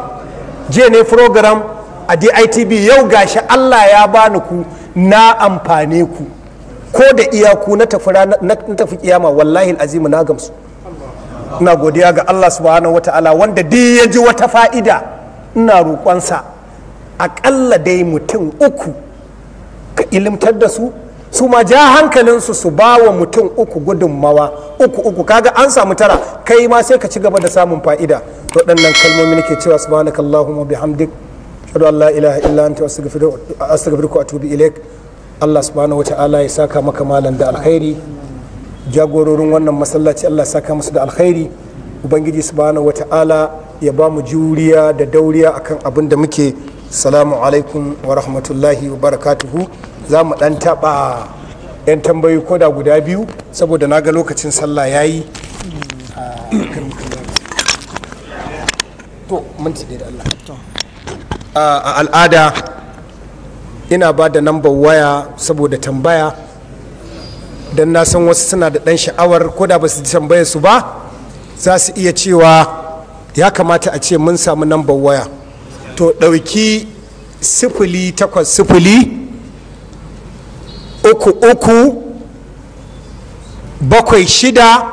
Speaker 1: je ne program a ditb yau gashi allah ya bani ku na amfane ku ko da iyaku na tafi kiyama wallahi azimu na gamsu ina godiya ga allah subhanahu wa ta'ala wanda duk ya ji wata fa'ida ina roƙonsa aƙalla dai mutum uku ka ilimtar da su su ma ja hankalinsu su ba wa mutum uku gudunmawa uku uku kaga an samu tara kai ma sai ka ci gaba da samun fa'ida to ɗannan kalmomi nake cewa subhanaka allahumma bihamdik shadu an la ilaha illa anta astaghfiruka wa atubu ilaik allah subhanahu wataala ya saka maka malam da alkhairi jagororin wannan masallaci allah ya saka musu da alkhairi ubangiji subhanahu wataala ya ba mu juriya da dauriya akan abin da muke salamu alaikum wa rahmatullahi wa barakatuhu za mu ɗan taɓa 'yan tambayi ko da guda biyu saboda na ga lokacin sallah ya yi a al'ada ina ba da number waya saboda tambaya don na san wasu suna da ɗan sha'awar ko da ba su tambaya su ba za su iya cewa ya kamata a ce mun samu number waya to ɗauki sifili takwas sifili uku uku bakwai shida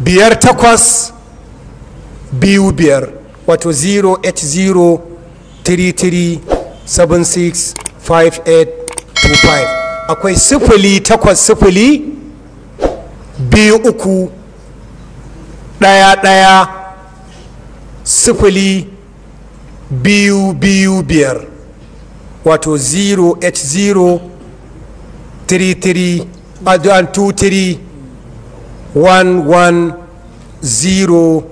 Speaker 1: biyar takwas biyu biyar wato 08033765825 akwai sifili takwas sifili biyu uku ɗaya ɗaya sifili biyu biyu biyar wato 08033110225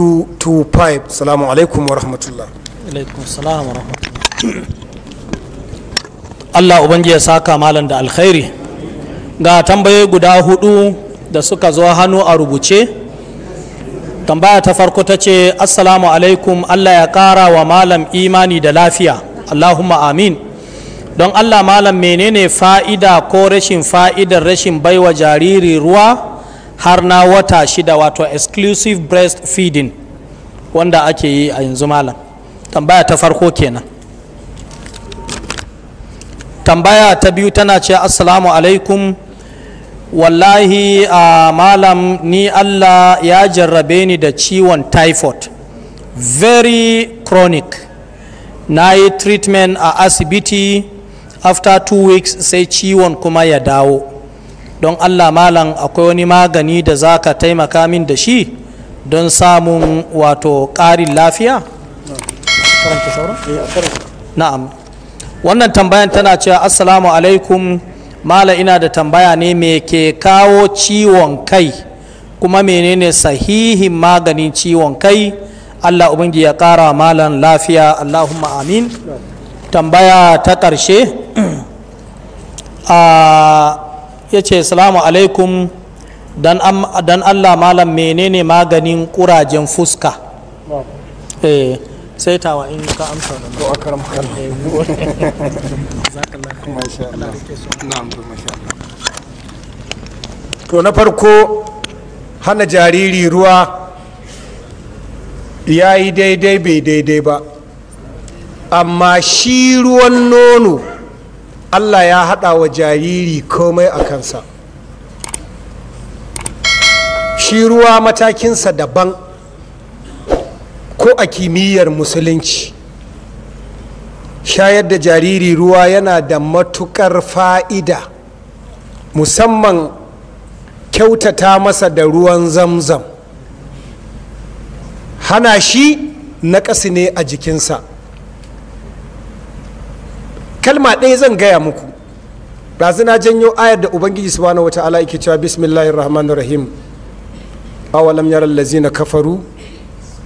Speaker 1: uh, salamu alaikum wa rahmatullah
Speaker 2: alaikum salam wa Allah ubangi ya saka malam da alkhairi ga tambaye guda hudu da suka zo hannu a rubuce tambaya ta farko ta ce assalamu alaikum Allah ya kara wa malam imani da lafiya Allahumma amin don Allah malam menene fa'ida ko rashin fa'idar rashin baiwa jariri ruwa har na wata shida wato exclusive breast feeding wanda ake yi a yanzu malam tambaya ta farko kenan tambaya ta biyu tana ce assalamu alaikum wallahi a malam ni Allah ya jarrabe ni da ciwon typhoid very chronic na yi treatment a asibiti after two weeks sai ciwon kuma ya dawo don allah malam akwai wani magani da za ka taimaka min da shi don samun wato ƙarin lafiya eh, na'am wannan tambayan tana cewa assalamu alaikum mala ina da tambaya ne me ke kawo ciwon kai kuma menene sahihin maganin ciwon kai Allah ubangi ya ƙara malan lafiya Allahumma amin tambaya ta ƙarshe ya ce salamu alaikum dan Allah malam menene maganin ƙurajen fuska eh, sai tawa in ka amsa da do'a karam
Speaker 1: to na farko hana jariri ruwa ya yi daidai bai daidai ba amma shi ruwan nono allah ya haɗa wa jariri komai a kansa shi ruwa matakinsa daban ko a kimiyyar musulunci shayar da jariri ruwa yana da matukar fa'ida musamman kyautata masa da ruwan zamzam hana shi naƙasi ne a jikinsa kalma ɗaya zan gaya muku na janyo ayar da ubangiji subhanahu wa ta'ala yake cewa bismillahir rahmanir rahim awalam yaral na kafaru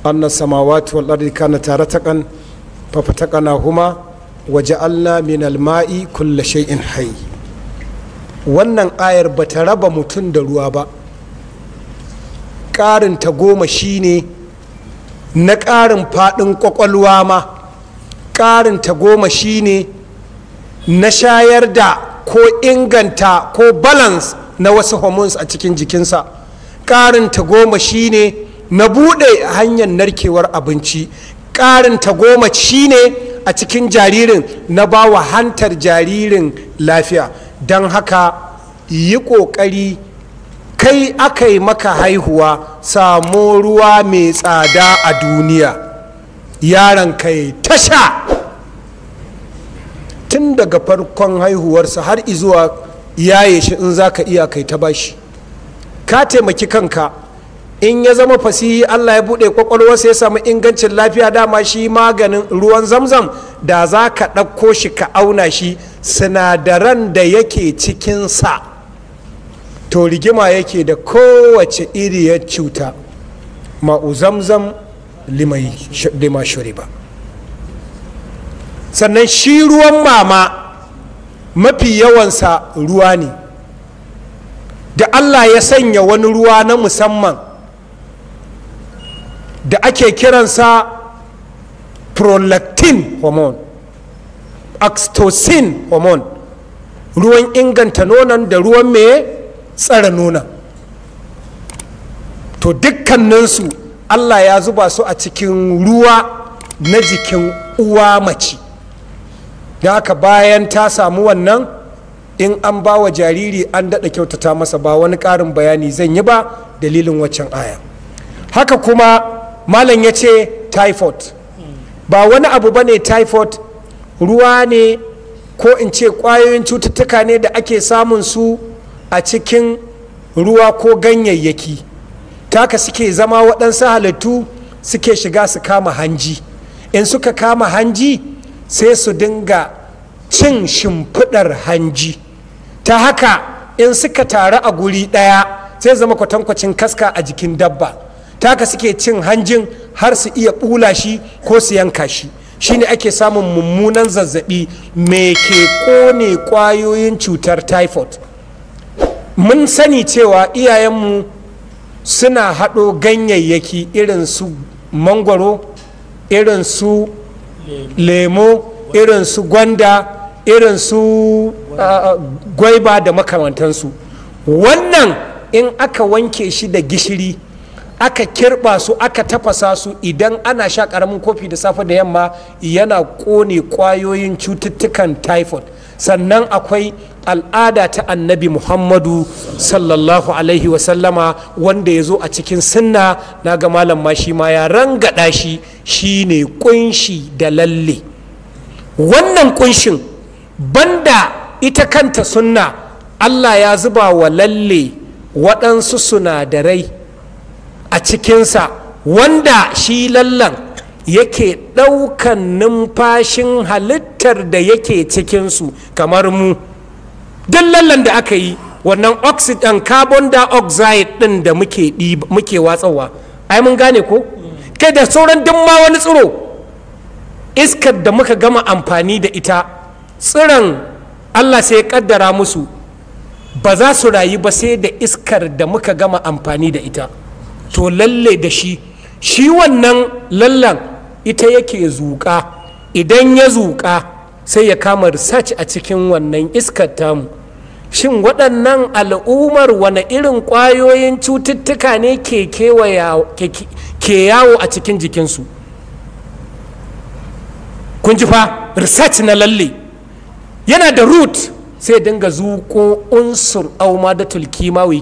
Speaker 1: anna samawati wal ardi kana tarataqan fafataqana huma wa ja'alna min al ma'i kulla shay'in hayy wannan ayar bata raba mutum da ruwa ba ƙarin ta goma shine na ƙarin faɗin ƙwaƙwalwa ma ƙarin ta goma shine na shayar da ko inganta ko balance na wasu hormones a cikin jikinsa ƙarin ta goma shine na buɗe hanyar narkewar abinci ƙarin ta goma shine a cikin jaririn na ba wa hantar jaririn lafiya don haka yi ƙoƙari kai aka yi maka haihuwa samu ruwa mai tsada a duniya yaron kai tasha tun daga farkon haihuwarsa har izuwa yaye shi in za ka iya kai ta bashi ka taimaki kanka in ya zama fasihi allah ya buɗe kwakwalwarsa ya samu ingancin lafiya dama shi maganin ruwan zamzam da za ka ɗauko shi ka auna shi sinadaran da yake cikinsa to rigima yake da kowace iriyar cuta ma'uzamzam lima shuriba sannan shi ruwan mama mafi yawansa ruwa ne da allah ya sanya wani ruwa na musamman da ake kiransa prolactin hormone oxytocin hormone ruwan inganta nonon da ruwan mai tsara nuna to dukkaninsu allah ya zuba su a cikin ruwa na jikin uwa mace da aka bayan ta samu wannan in an ba wa jariri an daɗa kyautata masa ba wani ƙarin bayani zan yi ba dalilin waccan aya haka kuma malam ya ce typhoid ba wani abu ba ne typhoid ruwa ne ko in ce ƙwayoyin cututtuka ne da ake samun su a cikin ruwa ko ganyayyaki taka suke zama waɗansu halittu suke shiga su kama hanji in suka kama hanji sai su dinga cin shimfiɗar hanji ta haka in suka taru a guri ɗaya sai zama kwatankwacin kaska a jikin dabba taka suke cin hanjin har su iya ɓula shi ko su yanka shi shine ake samun mummunan zazzaɓi, me ke kone ƙwayoyin cutar typhoid mun sani cewa iyayenmu suna haɗo ganyayyaki irin su mangwaro irin su lemo irin su gwanda irin su gwaiba da makamantansu wannan in aka wanke shi da gishiri aka kirɓa su aka tafasa su idan ana sha karamin kofi da safe da yamma yana kone kwayoyin cututtukan typhoid sannan akwai al'ada ta annabi muhammadu sallallahu alaihi wasallama wanda ya zo a cikin sunna na ga malam ma shi ma ya rangada shi ne kunshi da lalle wannan kunshin banda ita kanta sunna allah ya zuba wa lalle waɗansu sunadarai a cikinsa wanda shi lallan yake ɗaukan numfashin halittar da yake cikinsu kamar mu duk lallan da aka yi wannan oxygen carbon dioxide ɗin da muke watsawa ai mun gane ko kai da sauran duk ma wani tsiro iskar da muka gama amfani da ita tsiron allah sai ya kaddara musu ba za su rayu ba sai da iskar da muka gama amfani da ita to lalle da shi shi wannan lallan ita yake zuƙa idan ya zuƙa sai ya kama research a cikin wannan iskar tamu shin waɗannan al'ummar wani irin ƙwayoyin cututtuka ne ke yawo a cikin jikinsu kun ji fa research na lalle yana da root sai dinga zuƙo unsur auma da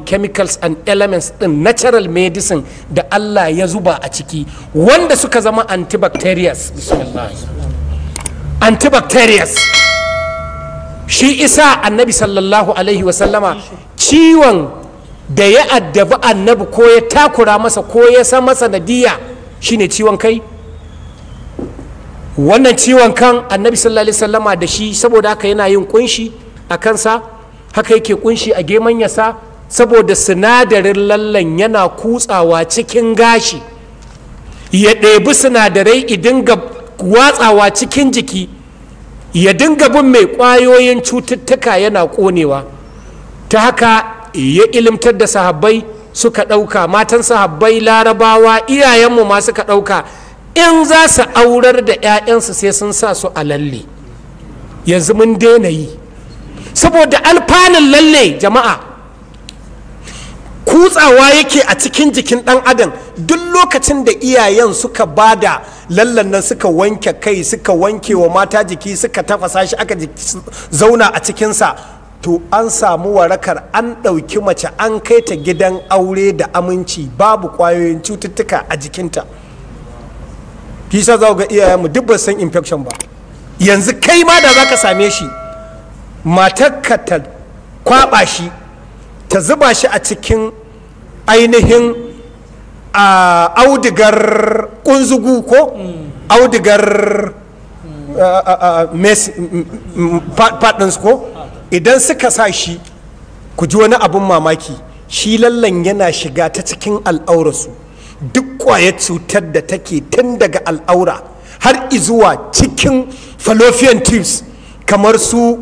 Speaker 1: chemicals and elements din natural medicine da Allah ya zuba a ciki wanda suka zama antibacterials antibacterials shi isa annabi sallallahu alaihi wasallama ciwon da ya addabi annabi ko ya takura masa ko ya sa masa nadiya shine ciwon kai wannan ciwon kan annabi sallallahu alaihi wasallama da shi saboda haka yana yin kunshi a kansa haka yake kunshi a geman yasa saboda sinadarin lallan yana kutsawa cikin gashi ya ɗebi sinadarai idin ga watsawa cikin jiki ya dinga bin mai ƙwayoyin cututtuka yana ƙonewa ta haka ya ilimtar da sahabbai suka ɗauka matan sahabbai larabawa iyayenmu ma suka ɗauka in za su aurar da 'ya'yansu sai sun sa su a lalle yanzu mun daina yi saboda alfanun lalle jama'a kutsawa yake a cikin jikin ɗan adam duk lokacin da iyayen suka bada lallan nan suka wanke kai suka wanke wa mata jiki suka tafasa shi aka zauna a cikinsa to an samu warakar an ɗauki mace an kai ta gidan aure da aminci babu ƙwayoyin cututtuka a jikinta kisa za ga iyayenmu duk ba san infection ba yanzu kai ma da za ka same shi matarka ta kwaba shi ta zuba shi a cikin ainihin a audigar kunzugu ko mm. audigar faɗinsu ko idan suka sa shi ku ji wani abin mamaki shi lallan yana shiga ta cikin al'aurarsu duk kwaya cutar da take tun daga al'aura har izuwa cikin fallopian tubes kamar su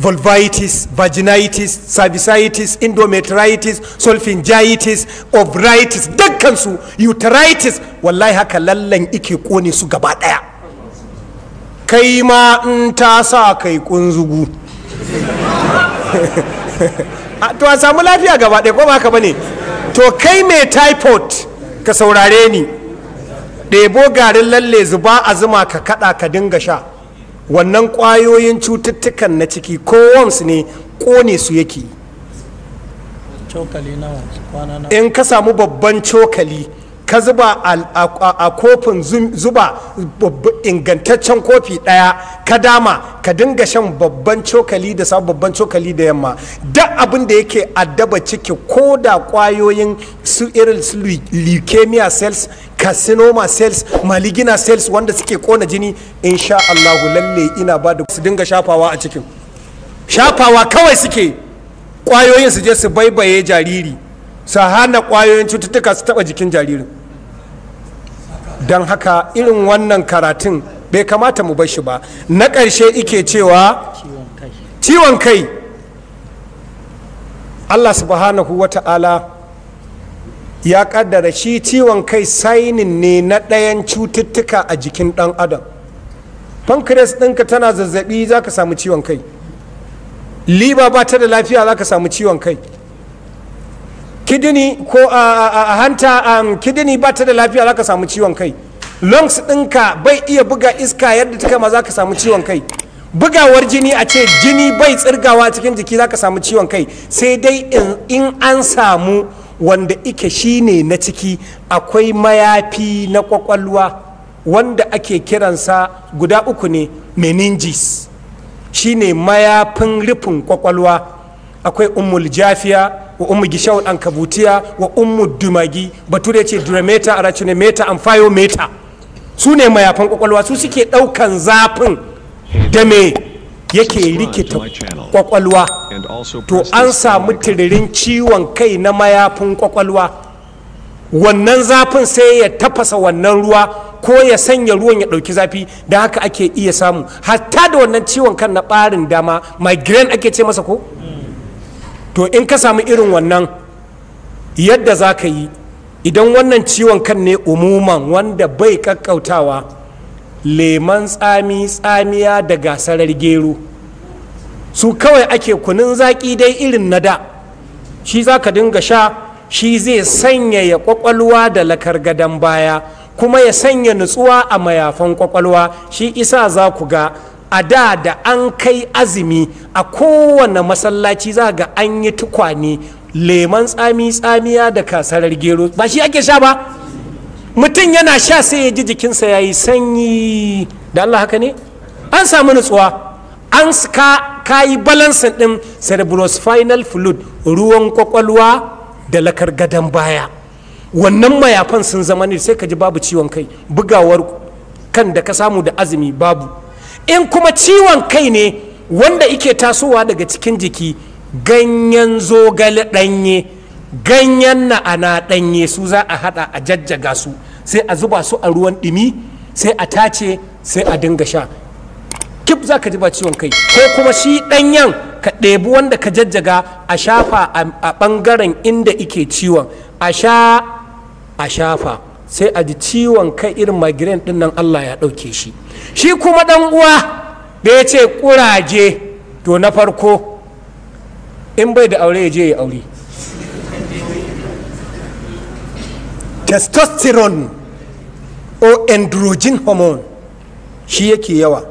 Speaker 1: vulvitis, vaginitis, cervicitis, endometritis, solfingitis, ovritis, dukkansu uteritis wallahi haka lallan ike kone su gaba ɗaya. Kai ma in ta sa kai kunzugu. to a samu lafiya gaba ɗaya ko ba bane to kai mai typhoid ka saurare ni ɗebo garin lalle zuba a zuma ka kaɗa ka dinga sha wannan kwayoyin cututtukan na ciki ko worms ne kone su yake in ka samu babban cokali ka zuba a kofin zuba ingantaccen kofi ɗaya ka dama ka dinga shan babban cokali da sabon babban cokali da yamma duk abin da yake addaba ciki ko da kwayoyin su irin leukemia cells carcinoma cells maligina cells wanda suke kona jini insha Allah lalle ina ba da su dinga shafawa a cikin shafawa kawai suke kwayoyin su je su baibaye jariri su hana kwayoyin cututtuka su taba jikin jaririn don haka irin wannan karatun bai kamata mu shi ba na ƙarshe ike cewa ciwon kai allah subhanahu wa ta'ala ya kaddara shi ciwon kai sainin ne na ɗayan cututtuka a jikin ɗan adam pancreas ɗinka tana zazzabi za ka samu ciwon kai liba ba ta da lafiya za ka samu ciwon kai kidini ko a hanta um, kidini ba ta da lafiya za ka samu ciwon kai lungs ɗinka bai iya buga iska yadda ta kama za ka samu ciwon kai bugawar jini a ce jini bai tsirgawa cikin jiki za ka samu ciwon kai sai dai in an samu wanda ike shine na ciki akwai mayafi na kwakwalwa wanda ake kiransa guda uku ne meninges shine mayafin rufin kwakwalwa akwai umul jafiya wa ummu gishaw an kabutiya wa ummu dumagi bature ce durameta a meta an fayo meta su ne mayafan kwakwalwa su suke daukan zafin da me yake rikita kwakwalwa to an samu tiririn ciwon kai na mayafin kwakwalwa wannan zafin sai ya tafasa wannan ruwa ko ya sanya ruwan ya dauki zafi da haka ake iya samu hatta da wannan ciwon kan na barin dama migraine ake ce masa ko to in ka samu irin wannan yadda za ka yi idan wannan ciwon kan ne umuman wanda bai kakkautawa leman tsami tsamiya da gasarar gero su kawai ake kunun zaƙi dai irin na da shi za ka dinga sha shi zai sanyaya kwakwalwa da lakar gadon baya kuma ya sanya nutsuwa a mayafan kwakwalwa shi isa za ku ga a da da an kai azumi a kowane masallaci za ga an yi tukwane leman tsami tsamiya da kasarar gero ba shi ake sha ba mutum yana sha sai ya ji jikinsa ya yi sanyi da allah haka ne an samu nutsuwa an ka, ka yi balansin ɗin cerebrospinal fluid ruwan kwakwalwa da lakar gadon baya wannan mayafan sun zama ne sai ka ji babu ciwon kai bugawar kan da ka samu da azumi babu in kuma ciwon kai ne wanda ike tasowa daga cikin jiki ganyen zogale ɗanye ganyen na'ana ɗanye su za a haɗa a jajjaga su sai a zuba su a ruwan ɗumi sai a tace sai a dinga sha kif za ka ji ba ciwon kai ko kuma shi ɗanyen ka ɗebi wanda ka jajjaga a shafa a ɓangaren inda ike ciwon a sha a shafa sai a ji ciwon kai irin migraine ɗin nan allah ya ɗauke shi shi kuma ɗan uwa da ya ce ƙuraje to na farko in bai da aure ya je ya aure testosterone o androgen hormone shi yake yawa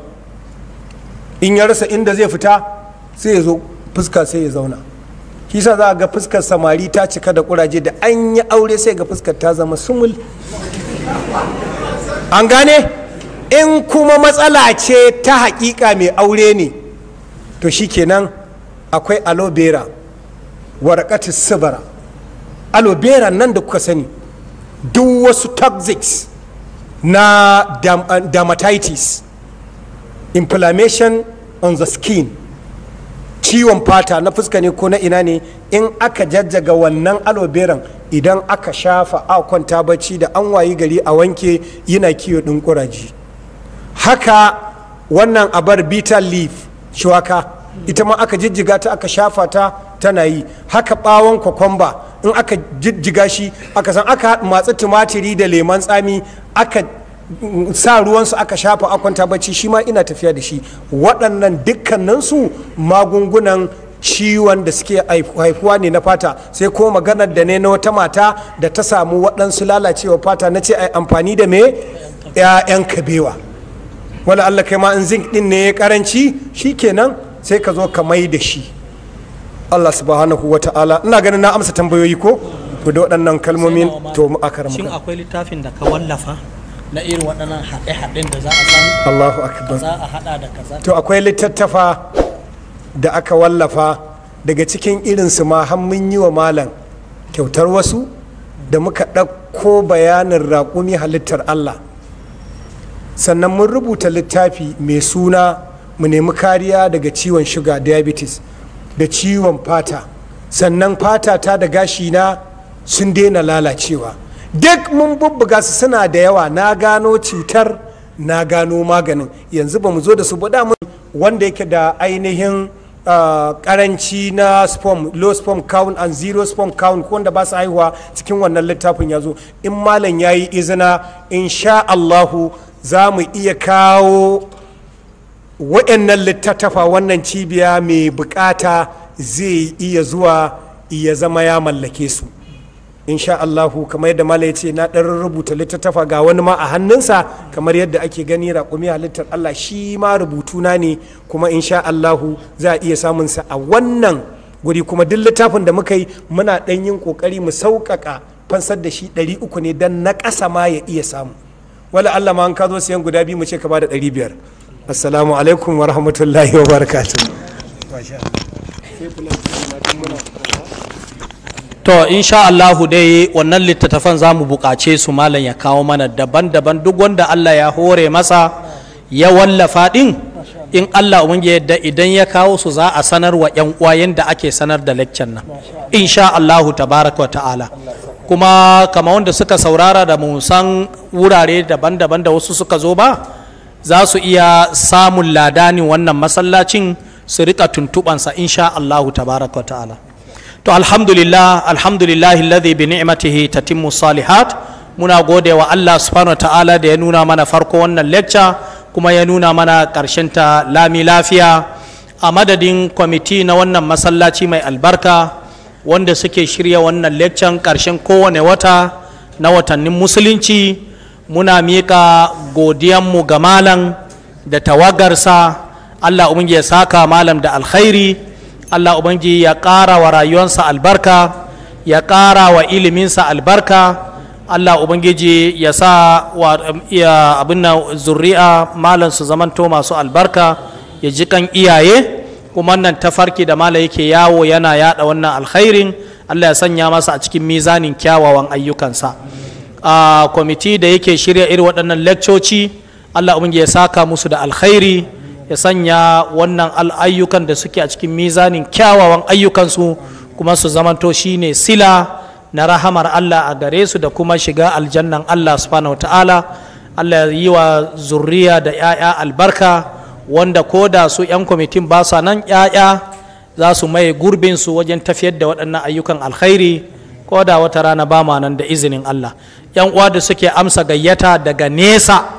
Speaker 1: in ya rasa inda zai fita sai ya zo fuska sai ya zauna kisa za a ga fuskar samari ta cika da kuraje da an yi aure sai ga fuskar ta zama sumul an gane in kuma matsala ce ta haƙiƙa mai aure ne to shi shikenan akwai aloe vera warakatis sibara aloe vera nan da kuka sani duk wasu toxics na dam, uh, dermatitis inflammation on the skin ciwon fata na fuska ne ko na ina ne in aka jajjaga wannan aloe vera idan aka shafa a kwanta bacci da an wayi gari a wanke yana kiyo ɗin ƙuraje haka wannan abar bitter leaf shuwaka ita ma aka jijjiga ta aka shafa ta tana yi haka bawon kwakwamba in aka jijjiga shi aka san aka matsi tumatiri da leman tsami aka sa ruwansu aka shafa akwanta bacci shi ma ina tafiya da shi waɗannan dukkaninsu magungunan ciwon da suke haifuwa ne na fata sai ko maganar da ne na wata mata da ta samu waɗansu lalacewa fata na ce a amfani da me 'ya'yan kabewa wala Allah kai ma in zinc din ne ya karanci shi kenan sai ka zo ka mai da shi Allah subhanahu wa ta'ala ina ganin na amsa tambayoyi ko to da waɗannan kalmomin to mu akar shin
Speaker 2: akwai littafin da ka wallafa na irin waɗannan haɗe-haɗen da za a samu Allahu akbar za a hada da kaza to akwai
Speaker 1: littattafa da aka wallafa daga cikin irinsu ma har mun yi wa malam kyautar wasu da muka ɗauko bayanin raƙumi halittar Allah sannan mun rubuta littafi mai suna mu nemi kariya daga ciwon shuga diabetes da ciwon fata sannan fata ta da gashi na sun daina lalacewa duk mun bubbuga su suna da yawa na gano cutar na gano maganin yanzu ba mu zo da su ba mun wanda yake da ainihin Uh, ah, karanci na sperm low sperm count and zero sperm count wanda ba su haihuwa cikin wannan littafin ya zo in malam ya yi izina insha Allahu za mu iya kawo waɗannan littattafa wannan cibiya mai bukata zai iya zuwa iya zama ya mallake su insha Allahu kamar yadda mala ya ce na ɗan rubuta littattafa ga wani ma a hannunsa kamar yadda ake gani raƙumi halittar Allah shi ma rubutuna ne kuma insha Allahu za a iya samunsa a wannan guri kuma duk littafin da muka yi muna ɗan yin ƙoƙari mu sauƙaƙa fansar da shi ɗari uku ne don na ƙasa ma ya iya samu wala Allah ma an ka zo siyan guda biyu mu ce ka bada ɗari biyar
Speaker 2: assalamu alaikum wa rahmatullahi wa barakatu. to insha Allahu dai wannan littattafan za mu buƙace su malam ya kawo mana daban-daban duk wanda Allah ya hore masa ya wallafa ɗin in Allah ya yadda idan ya kawo su za a sanar wa 'yan uwa yadda ake sanar da leccan nan insha Allahu tabaraka wa ta'ala kuma kama wanda suka saurara da musan wurare daban-daban da wasu suka zo ba za su iya samun ladanin wannan masallacin su rika tuntubansa insha Allahu wa ta'ala to alhamdulillah alhamdulillahi alladhi bi ni'matihi tatimmu salihat muna gode wa Allah subhanahu ta'ala da ya nuna mana farko wannan lecture kuma ya nuna mana karshen ta lami lafiya a madadin kwamiti na wannan masallaci mai albarka wanda suke shirya wannan leccan ƙarshen kowane wata na watannin musulunci muna miƙa mu ga malam da tawagarsa allah ubangi ya saka malam da alkhairi allah ubangi ya ƙara wa rayuwarsa albarka ya ƙara wa iliminsa albarka allah ubangiji ya sa wa abin zuri'a malam su zamanto masu albarka ya ji kan iyaye kuma nan tafarki da mala yake yawo yana yada wannan alkhairin allah ya sanya masa a cikin mizanin kyawawan ayyukansa a kwamiti da yake shirya irin waɗannan lekcoci allah ya saka musu da alkhairi ya sanya wannan al'ayyukan da suke a cikin mizanin kyawawan ayyukansu kuma su zamanto shine sila na rahamar allah a gare su da kuma shiga aljannan allah subhanahu wa ta'ala allah ya yi wa zurriya da 'ya'ya albarka wanda ko da su 'yan kwamitin ba sa nan 'ya'ya za su maye gurbinsu wajen tafiyar da waɗannan ayyukan alkhairi ko da wata rana ba ma nan da izinin Allah 'yan uwa da suke amsa gayyata daga nesa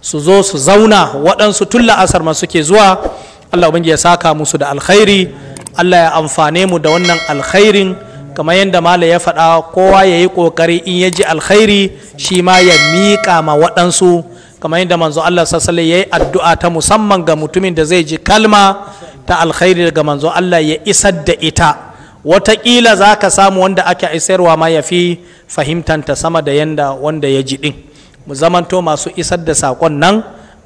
Speaker 2: su zo su zauna waɗansu tun la'asar ma suke zuwa Allah ubangiji ya saka musu da alkhairi Allah ya amfane mu da wannan alkhairin kamar yadda mala ya faɗa kowa ya yi ƙoƙari in ya ji alkhairi shi ma ya miƙa ma waɗansu kamar yadda manzo Allah sassale ya yi addu'a ta musamman ga mutumin da zai ji kalma ta alkhairi daga manzo Allah ya isar da ita watakila za ka samu wanda ake isarwa ma ya fi fahimtanta sama da yanda wanda ya ji ɗin mu zamanto masu isar da saƙon nan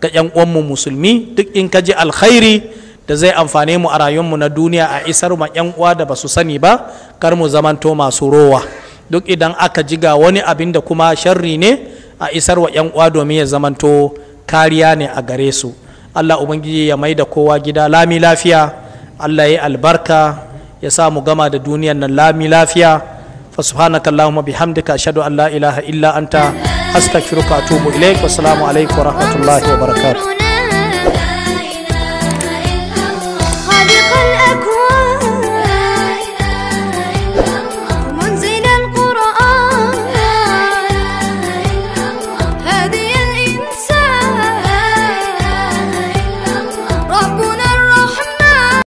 Speaker 2: ga ‘yan uwanmu musulmi duk in ka ji alkhairi da zai amfane mu a rayuwarmu na duniya a isar ma ‘yan uwa da ba su sani ba kar mu zamanto masu rowa duk idan aka ji ga wani abin da kuma sharri ne a isar wa 'yan uwa domin ya zamanto kariya ne a gare su allah ubangiji ya mai da kowa gida lami lafiya allah ya albarka ya sa mu gama da duniyan nan lami lafiya fa subhanaka allahumma bihamdika ashhadu an la ilaha illa anta astaghfiruka wa atubu ilaik wa assalamu alaikum wa rahmatullahi wa barakatuh